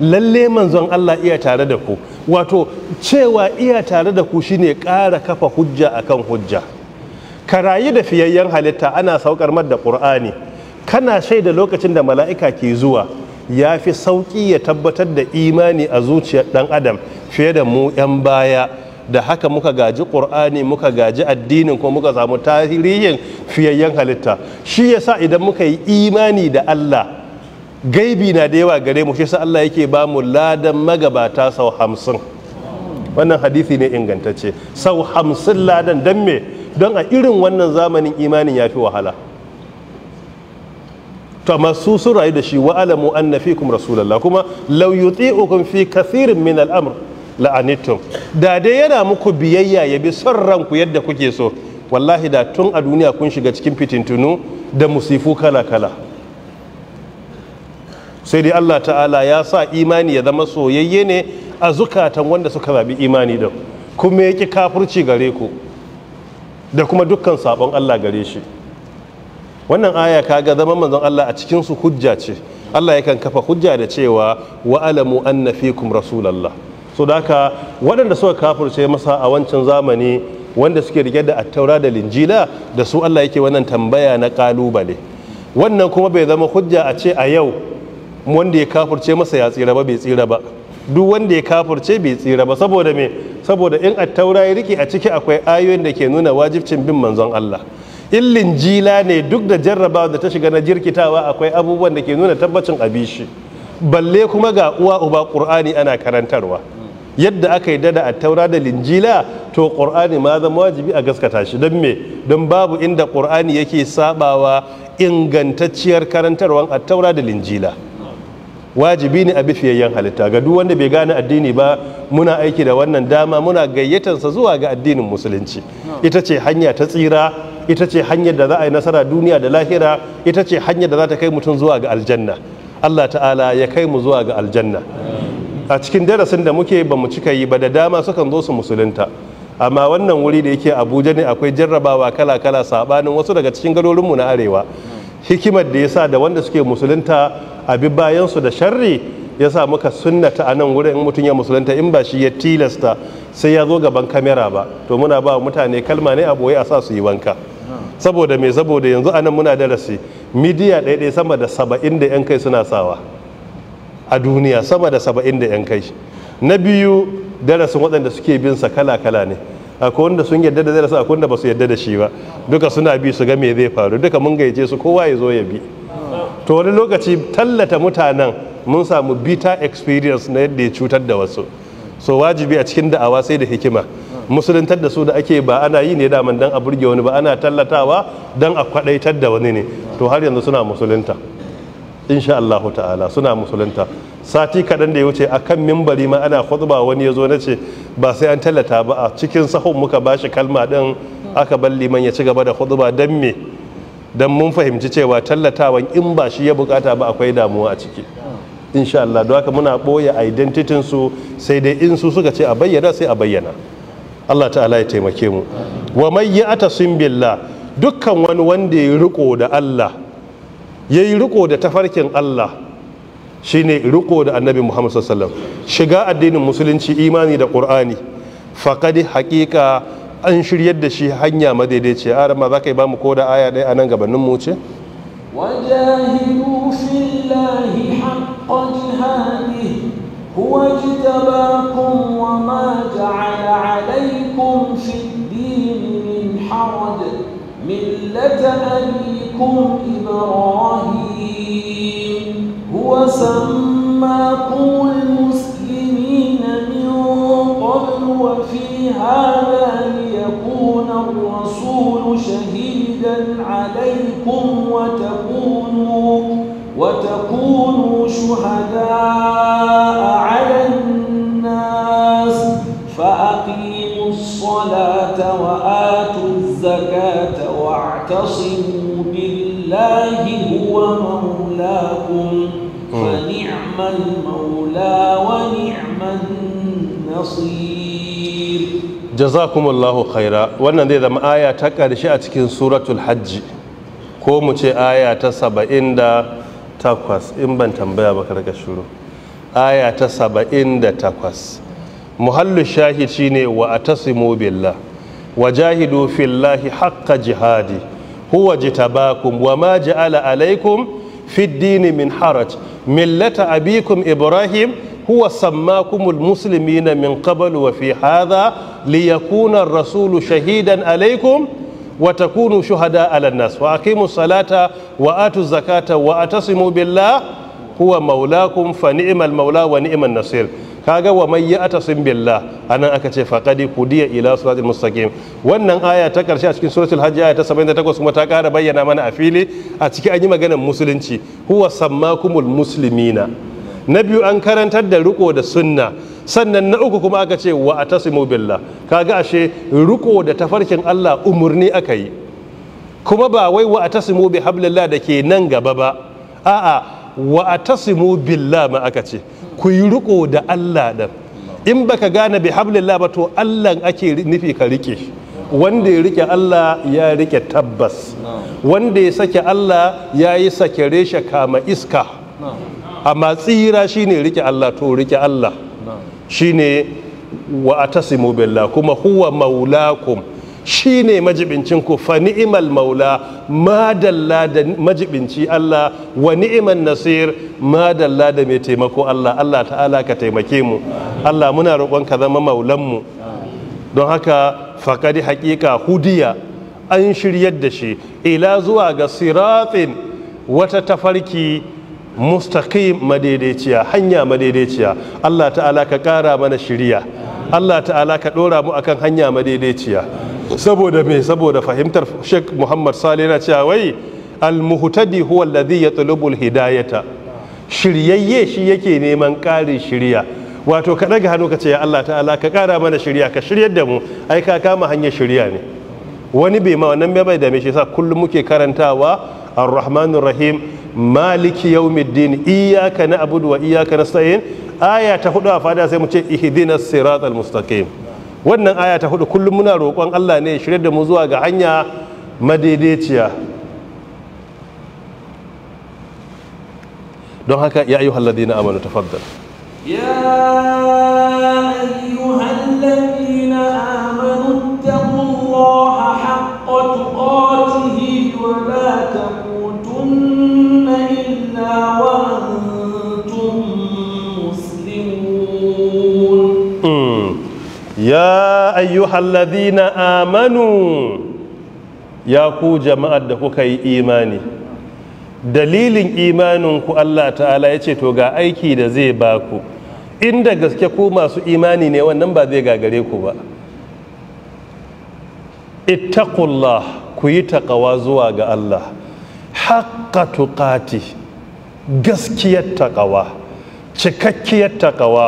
lalle manzon Allah iya tare da ku wato cewa iya tare da ku shine ƙara kafa hujja akan hujja ka rayu da fiyayyen halitta ana saukar mar da ƙur'ani kana shaida lokacin da mala'ika ke zuwa ya fi sauƙi ya tabbatar da imani a zuciyar ɗan adam fiye da mu 'yan baya da haka muka gaji ƙur'ani muka gaji addinin ko muka samu tarihin fiyayyen halitta shi ya sa idan muka yi imani da Allah gaibi na da yawa gare mu shi sa Allah yake ba mu ladan magabata sau hamsin wannan hadisi ne ingantacce sau hamsin ladan don me don a irin wannan zamanin imanin ya fi wahala to amma su sun rayu da shi wa alamu anna kuma rasulallah kuma lauyutsi ukun fi kathirin min al'amur la'anittum da dai yana muku biyayya ya bi son ranku yadda kuke so wallahi da tun a duniya kun shiga cikin fitintunu da musifu kala kala sai dai Allah ta'ala ya sa imani ya zama soyayye ne a zukatan wanda suka zaɓi imani da kuma ya ki kafurci gare ku da kuma dukkan sabon Allah gare shi wannan aya kaga zama manzon Allah a cikin su hujja ce Allah yakan kafa hujja da cewa wa alamu anna fikum rasulullah so da haka waɗanda suka kafirce masa a wancan zamani wanda suke rike da attaura da linjila da su Allah yake wannan tambaya na kalubale wannan kuma bai zama hujja a ce a yau wanda ya kafirce masa ya tsira ba bai tsira ba duk wanda ya kafirce bai tsira ba saboda me saboda in attaura ya rike a ciki akwai ayoyin da ke nuna wajibcin bin manzon Allah illin jila ne duk da jarrabawa da ta shiga na jirkitawa akwai abubuwan da ke nuna tabbacin abishi balle kuma ga uwa uba ƙur'ani ana karantarwa yadda aka yi dada a taura da linjila to ƙur'ani ma zama wajibi a gaskata shi don me don babu inda ƙur'ani yake sabawa ingantacciyar karantarwar a taura da linjila wajibi ne a bifiyayyen halitta ga duk wanda bai gane addini ba muna aiki da wannan dama muna gayyatansa zuwa ga addinin musulunci ita ce hanya ta tsira ita ce hanyar da za a yi nasara duniya da lahira ita ce hanyar da za ta kai mutum zuwa ga aljanna Allah ta'ala ya kai mu zuwa ga aljanna a cikin darasin da muke ba mu cika yi ba da dama sukan zo su musulunta amma wannan wuri da yake abuja ne akwai jarrabawa kala-kala sabanin wasu daga cikin garorinmu na arewa hikimar da yasa da wanda suke musulunta a bi bayan su da sharri ya sa muka sunnata a nan wurin in mutum ya musulunta in ba shi ya tilasta sai ya zo gaban kamera ba to muna ba mutane kalma ne a boye a sa su yi wanka saboda me saboda yanzu anan muna darasi midiya ɗaiɗai sama da saba'in da yan kai suna sawa a duniya sama da saba'in da yan kai na biyu darasin waɗanda suke bin sa kala kala ne akwai wanda sun yadda da darasi, akwai wanda ba su yadda da shi ba duka suna bi su ga me zai faru duka mun gaice su kowa ya zo ya bi to wani lokaci tallata mutanen mun samu bitter experience na yadda ya cutar da wasu so wajibi a cikin da'awa sai da hikima musuluntar da su da ake ba ana yi ne daman dan a burge wani ba ana tallatawa dan a kwadaitar da wani ne to har yanzu suna musulunta insha Allah ta'ala suna musulunta sati kaɗan da ya wuce akan mimbari ma ana khutba wani ya zo na ce ba sai an tallata ba a cikin sahun muka bashi kalma din aka bar liman ya ci gaba da khutba dan me dan mun fahimci cewa tallatawan in ba shi ya bukata ba akwai damuwa a ciki insha Allah don haka muna boye identity su sai dai in su suka ce a bayyana sai a bayyana Allah ta'ala ya taimake mu wa ata sun billa dukkan wani wanda ya riko da Allah ya yi riko da tafarkin Allah shine riko da annabi Muhammad sallallahu alaihi wasallam shiga addinin musulunci imani da ƙur'ani faƙadi haƙiƙa an shiryar da shi hanya madaidaici a rama za ka yi ba mu ko da aya ɗaya a nan gabanin mu ce wajahidu fillahi haqqa jihadihi هو اجتباكم وما جعل عليكم في الدين من حرج ملة أبيكم إبراهيم هو سماكم المسلمين من قبل وفي هذا ليكون الرسول شهيدا عليكم وتكون وتكونوا شهداء على الناس فأقيموا الصلاة وآتوا الزكاة واعتصموا بالله هو مولاكم فنعم المولى ونعم النصير جزاكم الله خيرا وانا دي دم aya ta ƙarshe a سورة الحج كومو تي mu ce إندا takwas in ban tambaya ba karka shuru aya ta saba'in da takwas muhallu shahid shine wa atasimu billah wa jahidu fillahi haqqa jihadi huwa jitabakum wa ma ja'ala alaikum fi dini min haraj millata abikum ibrahim huwa sammakumul muslimina min qabl wa fi hadha liyakuna ar-rasulu shahidan alaikum Wata kunu shuhada ala nas wa aqimu salata wa atu zakata wa atasimu billah huwa maulakum fa ni'mal maula wa ni'man nasir kaga wa may ya'tasim billah anan aka ce faqadi kudiya ila siratal mustaqim wannan aya ta karshe a cikin suratul hajj aya ta 78 kuma ta kara bayyana mana a fili a ciki an yi maganar musulunci huwa sammakumul muslimina na biyu an karantar da riko da sunna sannan na uku kuma aka ce wa biLla. billah kaga ashe riko da tafarkin Allah umarni aka yi kuma ba wai wa atasimu bi hablillah da ke nan gaba ba a'a wa atasimu billah ma aka ce ku yi riko da Allah da in baka gane bi hablillah ba to Allah ake nufi ka rike wanda ya rike Allah ya rike tabbas wanda ya sake Allah ya yi sake reshe kama iska amma tsira shine rike Allah to rike Allah shine wa atasimu billah kuma huwa maulakum shine majibincin ku fa ni'mal maula dalla da majibinci Allah wa ni'man nasir madalla da mai taimako Allah Allah ta'ala ka taimake mu Allah muna roƙon ka zama maulan mu don haka faƙari haƙiƙa hudiya an shiryar da shi ila zuwa ga siratin wata tafarki mustaqim madaidaiciya hanya madaidaiciya Allah ta'ala ka kara mana shiriya Allah ta'ala ka ɗora mu akan hanya madaidaiciya saboda me saboda fahimtar Sheikh Muhammad sale yana cewa wai al-muhtadi huwa alladhi yatlubul hidayata shiryayye shi yake neman ƙarin shiriya wato ka ga hannu ka ce ya Allah ta'ala ka ƙara mana shirya ka shiryar da mu ai ka kama hanyar shirya ne wani bai ma wannan bai bai da me shi yasa kullum muke karantawa ar-rahmanir rahim maliki yawmiddin iyyaka na'budu wa iyyaka nasta'in aya ta hudu a fada sai mu ce siratal wannan aya ta hudu kullum muna roƙon Allah ne ya da mu zuwa ga hanya madaidaiciya don haka ya ayyuhal ladina amanu tafaddal ya ayyuhal ayyuhallazina amanu ya ku jama'ar da kuka yi imani dalilin imaninku Allah ta'ala ya ce to ga aiki da zai baku inda gaske ku masu imani ne wannan ba zai gagare ku ba ittaqullah ku yi taqawa zuwa ga Allah haqqa tuqati gaskiyar taqawa cikakkiyar taqawa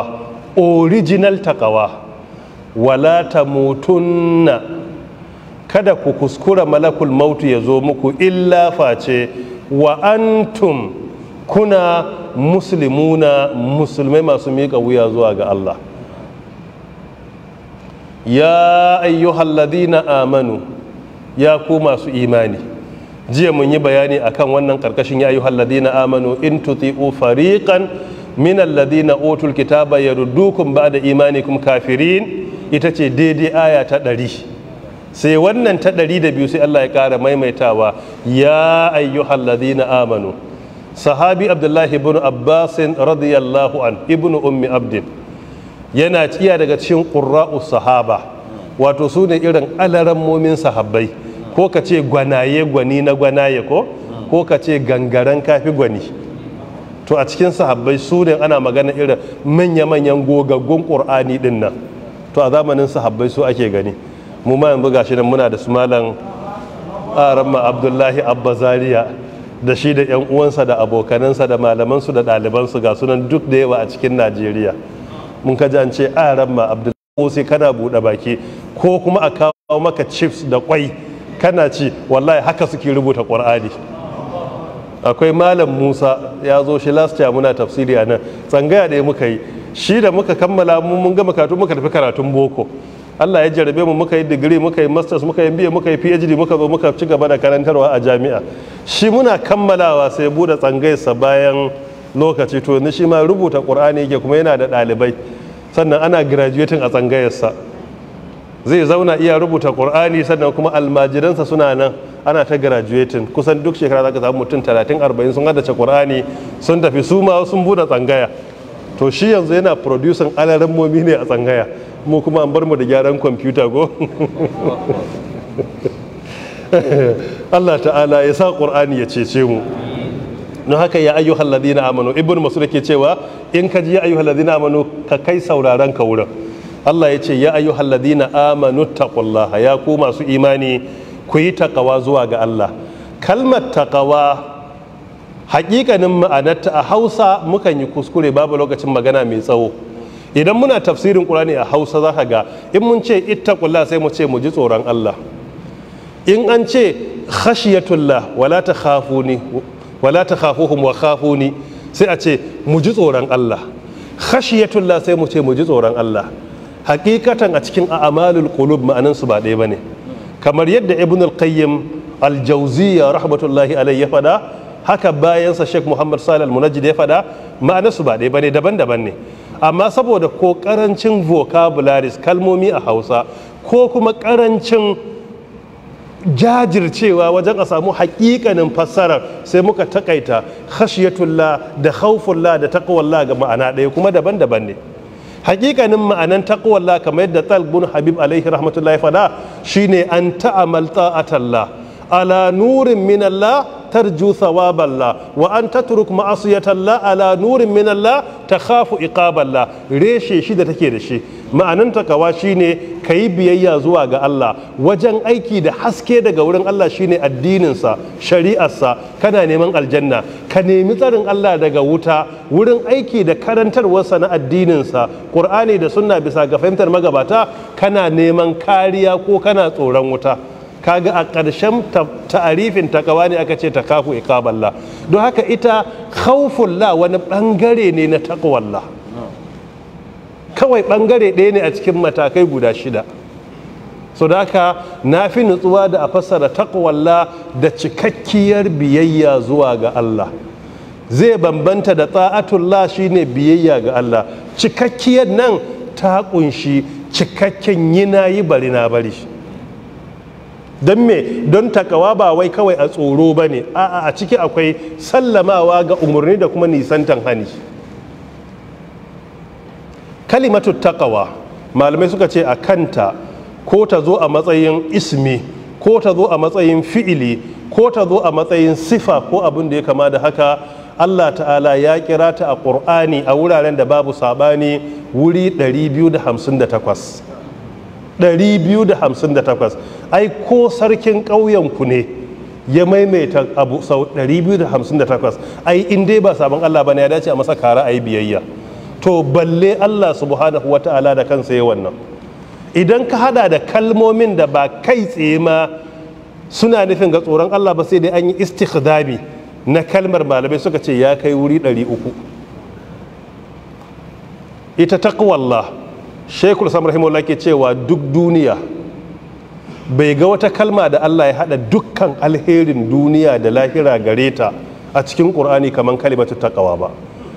original taqawa wala mutunna, kada ku kuskura malakul mautu ya zo muku illa face wa antum kuna musulmuna musulmai masu miƙa wuya zuwa ga Allah ya ayyuhalladhina amanu ya ku masu imani jiya mun yi bayani akan wannan karkashin ya ayyuhalladhina amanu in tuti'u fariqan min alladhina utul kitaba yaruddukum ba'da imanikum kafirin ita ce daidai aya ta ɗari sai wannan ta ɗari da biyu sai Allah ya ƙara maimaitawa ya ayyuhal na amanu sahabi abdullahi ibn abbasin radiyallahu an ibn ummi abdin yana ciya daga cikin ƙurra'u sahaba wato su ne irin momin sahabbai ko ka ce gwanaye gwani na gwanaye ko ko ka ce gangaren kafi gwani to a cikin sahabbai su ne ana magana irin manya-manyan gogaggun ƙur'ani ɗin nan to a zamanin sahabbai su ake gani mu ma yanzu gashi nan muna da su malam aramma abdullahi abba zaria da shi da yan uwansa da abokanansa da malamansu da ɗalibansu ga sunan duk da yawa a cikin najeriya mun kaji an ce aramma abdullahi sai kana buɗe baki ko kuma a kawo maka chips da kwai kana ci wallahi haka suke rubuta qur'ani akwai malam musa ya zo shi last year muna tafsiri a nan tsangaya da muka yi shi da muka kammala mun gama karatu muka tafi karatun boko Allah ya jarabe mu muka yi digiri muka yi masters muka yi MBA muka yi PhD muka zo muka ci gaba da karantarwa a jami'a shi muna kammalawa sai bude tsangayarsa bayan lokaci to ni shi ma rubuta Qur'ani yake kuma yana da ɗalibai sannan ana graduating a tsangayarsa zai zauna iya rubuta Qur'ani sannan kuma almajiransa suna nan ana ta graduating kusan duk shekara zaka samu mutum 30 40 sun haddace Qur'ani sun tafi su ma sun bude tsangaya to shi yanzu yana producing alarin momi ne a tsangaya mu kuma an bar mu da gyaran kwamfuta go (laughs) Allah ta'ala ya sa qur'ani ya cece mu no haka ya ayyuhal ladina amanu ibn masud ke cewa in ka ji ya ayyuhal ladina amanu ka kai sauraron ka wurin Allah ya ce ya ayyuhal ladina amanu taqullaha ya ku masu imani ku yi takawa zuwa ga Allah kalmar takawa hakikanin ma'anarta a hausa mukan yi kuskure babu lokacin magana mai tsawo idan muna tafsirin ƙurani a hausa za ka ga in mun ce ƙulla sai mu ce mu ji tsoron allah in an ce khashiyatullah wala ta khafu ni, wala ta khafuhum wa ni? sai a ce mu ji tsoron allah khashiyatullah sai mu ce mu ji tsoron allah hakikatan a cikin a'malul qulub ma'anan su ba ɗaya bane kamar yadda ibn al-qayyim al-jawziyya rahmatullahi alayhi ya faɗa haka bayansa sheikh muhammad salih al-munajjid ya faɗa ma'anarsu ba ɗaya bane daban-daban ne amma saboda ko ƙarancin vocabularies kalmomi a hausa ko kuma ƙarancin jajircewa wajen a samu haƙiƙanin fassara, sai muka takaita khashiyatullah da khawfullah da taqwallah ga ma'ana ɗaya kuma daban-daban ne haƙiƙanin ma'anan taqwallah kamar yadda talbun habib alaihi rahmatullahi fada shine an ta'amal a ala nurin minallah tarju thawaballa wa an tatruk ma'asiyatalla ala nurin min Allah takhafu iqaballa reshe shida da take da shi ma'anan kawa shine kayi biyayya zuwa ga Allah wajen aiki da haske daga wurin Allah shine addinin sa shari'ar sa kana neman aljanna ka nemi tsarin Allah daga wuta wurin aiki da karantarwar sa na addinin sa Qur'ani da sunna bisa ga fahimtar magabata kana neman kariya ko kana tsoron wuta kaga a ƙarshen ta'arifin takawa ne aka ce ta kafu iqaballah don haka ita khawfullah wani ɓangare ne na taqwallah kawai ɓangare ɗaya ne a cikin matakai guda shida so da haka na fi nutsuwa da a fassara taqwallah da cikakkiyar biyayya zuwa ga Allah zai bambanta da shi ne biyayya ga Allah cikakkiyar nan ta ƙunshi cikakken yina yi bari na bari don me don takawa ba wai kawai a tsoro ba ne a a ciki akwai sallamawa ga umarni da kuma nisantan hani kalimatu takawa malamai suka ce a kanta ko ta zo a matsayin ismi ko ta zo a matsayin fi'ili ko ta zo a matsayin sifa ko abin da ya kama da haka Allah ta'ala ya kira ta a ƙur'ani a wuraren da babu saɓani wuri 258 258 ai ko sarkin ƙauyenku ne ya maimaita abu sau 258 ai in dai ba sabon Allah bane ya dace a masa kara ai biyayya to balle Allah subhanahu wata'ala da kansa ya wannan idan ka hada da kalmomin da ba kai tsaye ma suna nufin ga tsoron Allah ba sai dai an yi istikhdami na kalmar malamai suka ce ya kai wuri 300 ita taqwallah shekul sam Allah ke cewa duk duniya bai ga wata kalma da allah ya hada dukkan alherin duniya da lahira gare ta a cikin ƙur'ani kamar kalimatu takawa ba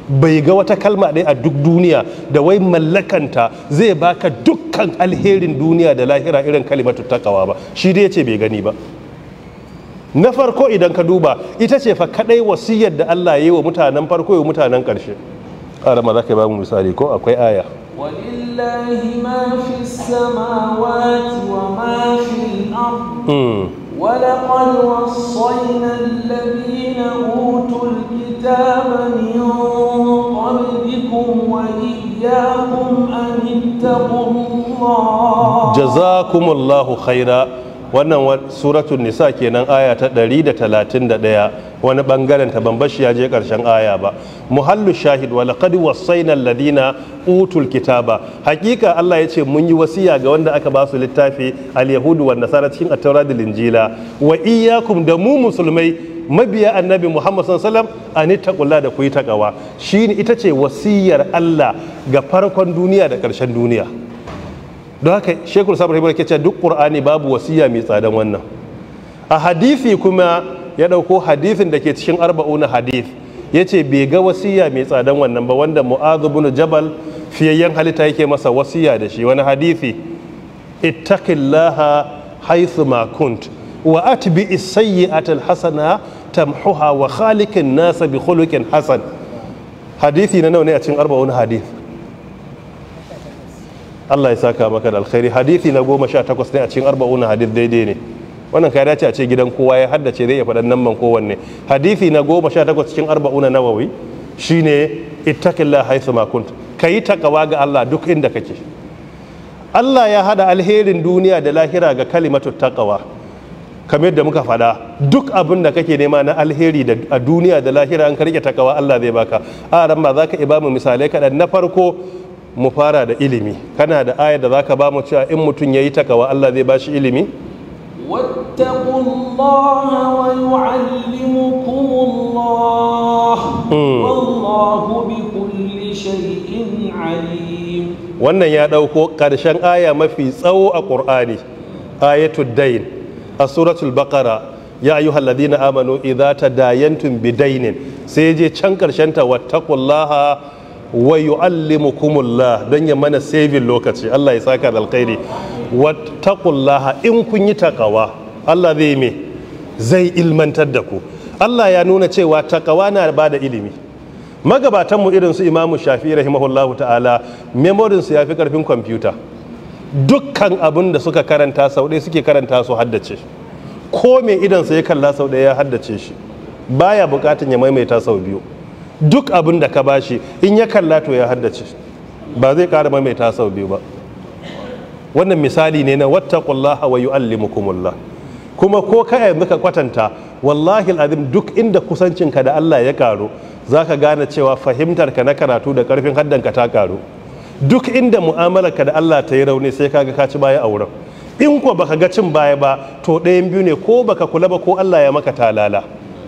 bai ga wata kalma ɗaya a duk duniya da wai mallakanta zai baka dukkan alherin duniya da lahira irin kalimatu takawa ba shi dai ce bai gani ba na farko idan ka duba ita ce fa kaɗai wasiyar da Allah ya yi wa mutanen farko ya mutanen ƙarshe a za ka ba mu misali ko akwai aya ولله ما في السماوات وما في الأرض ولقد وصينا الذين أوتوا الكتاب من قبلكم وإياكم أن اتقوا الله جزاكم الله خيرا wannan suratun nisa kenan aya ta 131 wani bangaren ta bambashi ya je karshen aya ba muhallu shahid wa laqad wasaina alladina utul kitaba hakika Allah ya ce mun yi wasiya ga wanda aka ba su littafi al-yahudu wan nasara cikin at da injila wa iyyakum da mu musulmai mabiya annabi Muhammad sallallahu alaihi wasallam ani taqulla da ku yi takawa shine ita ce wasiyar Allah ga farkon duniya da karshen duniya don haka shekul sabar hibar ke cewa duk qur'ani babu wasiya mai tsadan wannan a hadisi kuma ya dauko hadisin da ke cikin na hadith ya ce bai ga wasiya mai tsadan wannan ba wanda mu'adhu bin jabal fiyayyen halitta yake masa wasiya da shi wani hadisi ittaqillaha haythu ma kunt wa atbi'i sayyi'ata hasana tamhuha wa khaliqin nasa bi khuluqin hasan hadisi na nawa ne a cikin na hadith Allah ya saka maka da alkhairi hadisi na goma sha takwas ne a cikin arba'una hadith daidai ne wannan ka dace a ce gidan kowa ya haddace zai ya faɗan nan man kowanne hadisi na goma sha takwas cikin arba'una nawawi shine ittaqilla haythu ma kunt kayi takawa ga Allah duk inda kake Allah ya hada alherin duniya da lahira ga kalimatu taqwa kamar yadda muka faɗa duk abin da kake nema na alheri da a duniya da lahira an ka rike takawa Allah zai baka a ran ma zaka ibamu misalai kaɗan na farko mu fara da ilimi kana da ayar da zaka ba mu cewa in mutum ya yayi takawa Allah zai shi ilimi wa hmm. wannan ya ɗauko ƙarshen aya mafi tsawo a ƙur'ani ayatu dain a suratul baqara ya ayyuhal ladina amanu idata dayantun bidainin sai je can ƙarshen ta wattaqullaha wa kumulla dan ya mana saving lokaci Allah ya saka da alkhairi Wa wattaqullaha in kun yi takawa Allah zai me zai ilmantar da ku Allah ya nuna cewa takawa na ba da ilimi magabatanmu irin su imamu shafi rahimahullahu ta'ala memorinsu ya fi karfin kwamfuta dukkan abin da suka karanta sau ɗaya suke karanta su haddace ko mai idansa ya kalla sau ɗaya ya haddace shi baya bukatan ya maimaita sau biyu duk abin da ka shi in ya kalla to ya haddace ba zai ƙara maimaita sau biyu ba wannan misali ne na wattaqullaha wa yu'allimukumullah kuma ko ka yanzu ka kwatanta wallahi alazim duk inda kusancinka da Allah ya karu zaka gane cewa fahimtar ka na karatu da karfin haddanka ta karu duk inda mu'amalarka da Allah ta yi rauni sai kaga ka ci baya a wurin in ko baka ga cin baya ba to ɗayan biyu ne ko baka kula ba ko Allah ya maka talala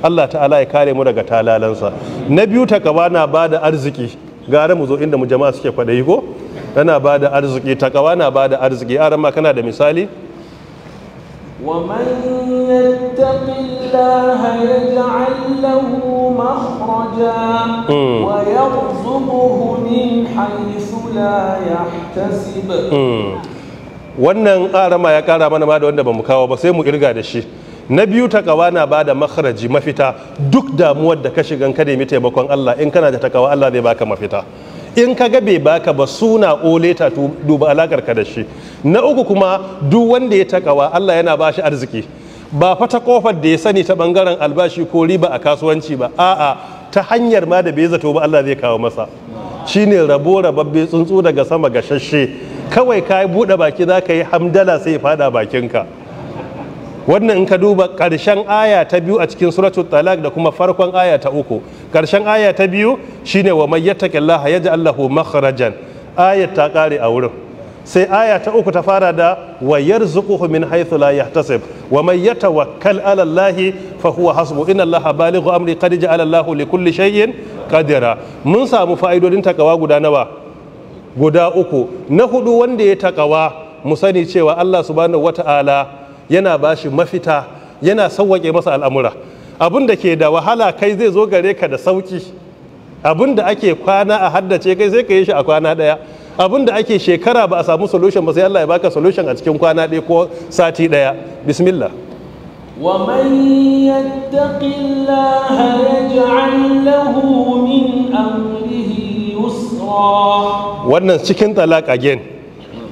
Allah ta'ala ya kare mu daga talalansa na biyu takawa na ba da arziki gara mu zo inda mu jama'a suke yi ko tana ba da arziki takawa na ba da arziki aran ma kana da misali ومن يتق الله يجعل له مخرجا ويرزقه من حيث لا يحتسب wannan ƙara ma ya ƙara mana ma da wanda ba mu kawo ba sai mu irga da shi na biyu ta takawa na ba da makaraji mafita duk damuwar da ka shiga ka nemi taimakon Allah in kana da takawa Allah zai baka mafita in ka ga bai baka ba suna oleta duba alakar ka da shi na uku kuma duk wanda ya ta takawa Allah yana ba shi arziki ba fata kofar da ya sani ta bangaren albashi ko riba a kasuwanci ba a'a ta hanyar ma da bai zato ba Allah zai kawo masa shine rabo rababbe tsuntsu daga sama gashashe kawai ka buɗe baki za ka yi hamdala sai ya fada bakinka wannan in ka duba ƙarshen aya ta biyu a cikin suratul talak da kuma farkon aya ta uku ƙarshen aya ta biyu shine wa may yattaqillaha yaj'al lahu makhrajan ayat ta kare a wurin sai aya ta uku ta fara da wa yarzuquhu min haythu la yahtasib wa man yatawakkal ala allahi fa huwa hasbu inna allaha balighu amri qad ja'ala allahu li kulli shay'in qadira mun samu fa'idodin takawa guda nawa guda uku na hudu wanda ya takawa mu sani cewa Allah subhanahu wata'ala yana ba shi mafita yana sauwaƙe masa al'amura abin da ke da wahala kai zai zo gare ka da sauƙi abin da ake kwana a haddace kai sai ka yi shi a kwana ɗaya abin da ake shekara ba a samu solution ba sai Allah ya baka solution a cikin kwana ɗaya ko sati ɗaya bismillah wa man yattaqillaha yaj'al lahu min amrihi yusra wannan cikin talak again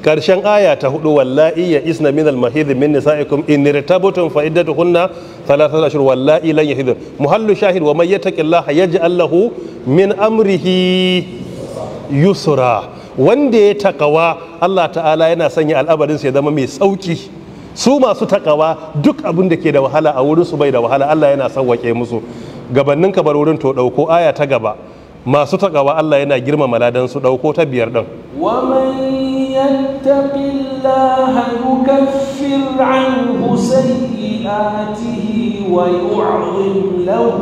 karshen aya ta hudu wallahi ya isna min al-mahid min nisaikum in irtabtum fa iddatuhunna thalathatu wallahi lan yahid muhallu shahid wa may yattaqillaha yaj'al lahu min amrihi yusra wanda ya takawa Allah ta'ala yana sanya al'abarin ya zama mai sauki su masu takawa duk abin da ke da wahala a wurin su bai da wahala Allah yana sawwake musu gabannin ka bar wurin to dauko aya ta gaba masu takawa Allah yana girmama ladan su dauko ta biyar din يتق الله يكفر عنه سيئاته ويعظم له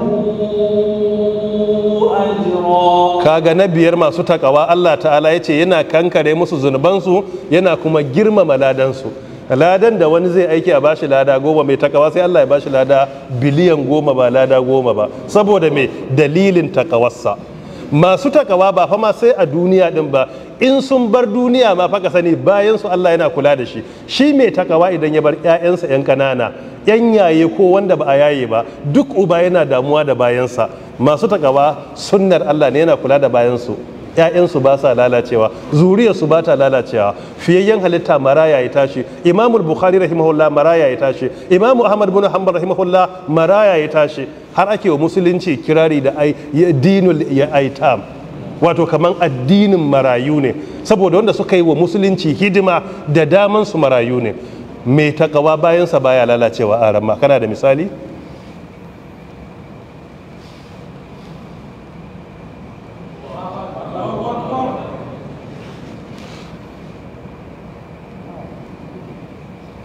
أجرا kaga na biyar masu takawa Allah ta'ala ya ce yana kankare musu zunubansu yana kuma girmama ladansu ladan da wani zai aiki a bashi lada goma mai takawa sai Allah ya bashi lada biliyan goma ba lada goma ba saboda mai dalilin takawarsa masu takawa ba fama sai a duniya din ba in sun bar duniya ma faka sani bayan su Allah yana kula da shi shi mai takawa idan ya bar ƴaƴansa ƴan kanana ƴan yaye ko wanda ba a yaye ba duk uba yana damuwa da bayansa masu takawa sunnar Allah ne yana kula da bayansu ‘ya'yansu ba sa lalacewa su ba ta lalacewa fiyayyen halitta maraya ya tashi imamu bukhari rahimahullah maraya ya tashi imamu ahmad bin hanbal rahimahullah maraya ya tashi har ake wa musulunci kirari da dinul ya aitam wato kaman addinin marayu ne saboda wanda suka yi wa musulunci hidima da daman su marayu ne mai takawa bayansa baya lalacewa a ramma kana da misali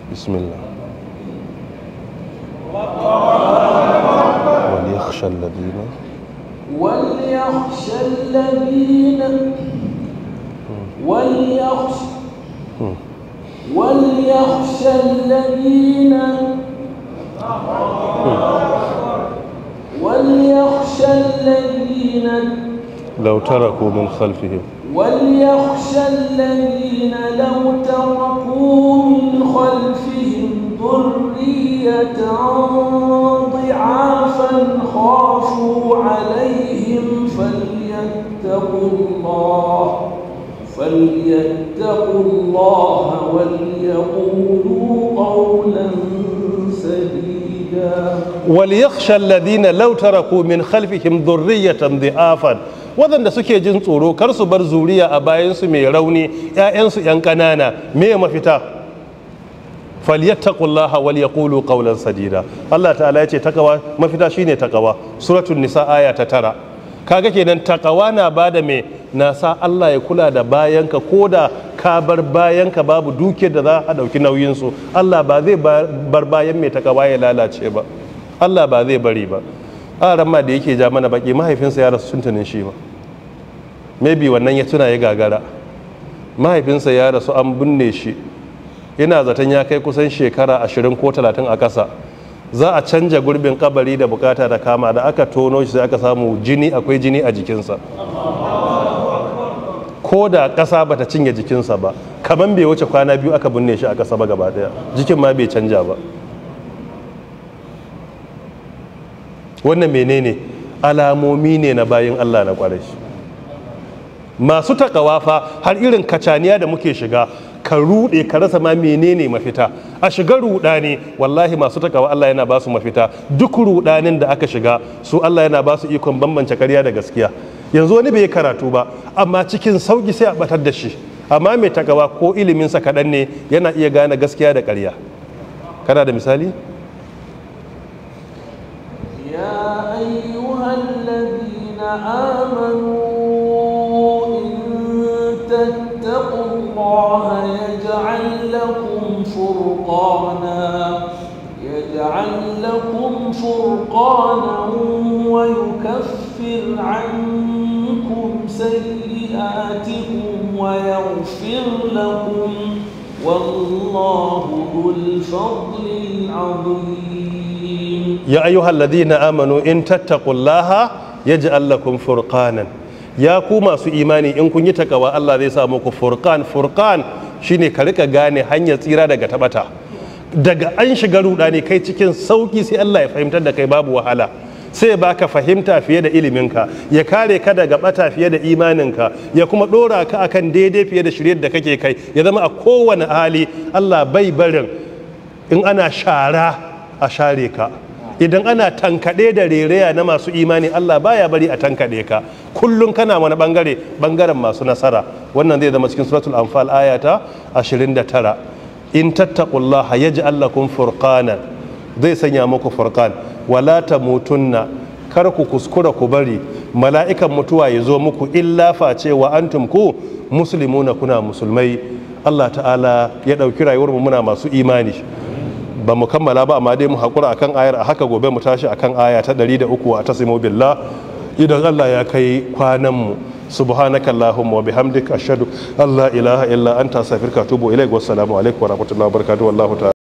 bismillah الذين وليخش وليخش الذين وليخش الذين لو تركوا من خلفهم وليخش الذين لو تركوا من خلفهم ذرية ضعافا خافوا عليهم فل فليتقوا الله فليتقوا الله وليقولوا قولا سديدا وليخشى الذين لو تركوا من خلفهم ذرية ضعافا waɗanda suke jin tsoro kar su bar zuriya a bayansu mai rauni 'ya'yansu 'yan ƙanana me mafita falyattaqullaha wal yaqulu qawlan sadida Allah ta'ala yace takawa mafita shine takawa suratul nisa aya ta tara kaga kenan takawa na bada mai na sa Allah ya kula da bayanka ko da ka bar bayanka babu dukiyar da za a dauki nauyinsu, Allah ba zai bar bayan mai takawa ya lalace ba Allah ba zai bari ba a da yake ja mana baki mahaifinsa ya rasu tuntunin shi ba maybe wannan ya tuna ya gagara mahaifinsa ya rasu an binne shi yana zaton ya kai kusan shekara ashirin ko talatin a ƙasa za a canja gurbin kabari da bukata da kama da aka tono shi sai aka samu jini akwai jini a jikinsa ko da ƙasa ta cinye jikinsa ba Kamar bai wuce kwana biyu aka binne shi a ƙasa ba gaba daya jikin ma bai canja ba wannan menene alamomi ne na bayan allah na kwarai masu takawa har irin kacaniya da muke shiga ka ruɗe, ka rasa ma menene mafita a shiga rudani wallahi masu takawa Allah yana ba su mafita duk rudanin da aka shiga su Allah yana ba su ikon bambance ƙarya da gaskiya yanzu wani bai karatu ba amma cikin sauki sai a batar da shi amma mai takawa ko ilimin sa kaɗan ne yana iya gane gaskiya da ƙarya kana da misali ya ayyuhan ladina amanu in tattaqullaha فرقانا يجعل لكم فرقانا ويكفر عنكم سيئاتكم ويغفر لكم والله ذو الفضل العظيم يا أيها الذين آمنوا إن تتقوا الله يجعل لكم فرقانا يا كوما سو إيماني إن كنت تقوى الله ذي zai فرقان فرقان shine ka rika gane hanyar tsira daga tabata daga an shiga rudani kai cikin sauki sai Allah ya fahimtar da kai babu wahala sai baka fahimta fiye da iliminka ya kare ka daga bata fiye da imaninka ya kuma dora ka akan daidai fiye da shirye da kake kai ya zama a kowane hali Allah bai barin in ana shara a share ka idan ana tankaɗe da rereya na masu imani Allah baya bari a tankaɗe ka kullum kana wani bangare bangaren masu nasara wannan zai zama cikin suratul anfal ayata 29 in tattaqullaha yaj'al lakum furqana zai sanya muku furqan wala tamutunna kar ku kuskura ku bari mala'ikan mutuwa ya zo muku illa face wa antum ku muslimuna kuna musulmai Allah ta'ala ya ɗauki rayuwar mu muna masu imani ba mu kammala ba amma dai mu hakura akan ayar a haka gobe mu tashi akan aya ta 103 a tasimu billah idan Allah ya kai kwanan mu subhanaka allahumma wa bihamdika ashhadu an la ilaha illa anta astaghfiruka wa atubu ilaik wassalamu alaikum wa rahmatullahi wa barakatuh wallahu ta'ala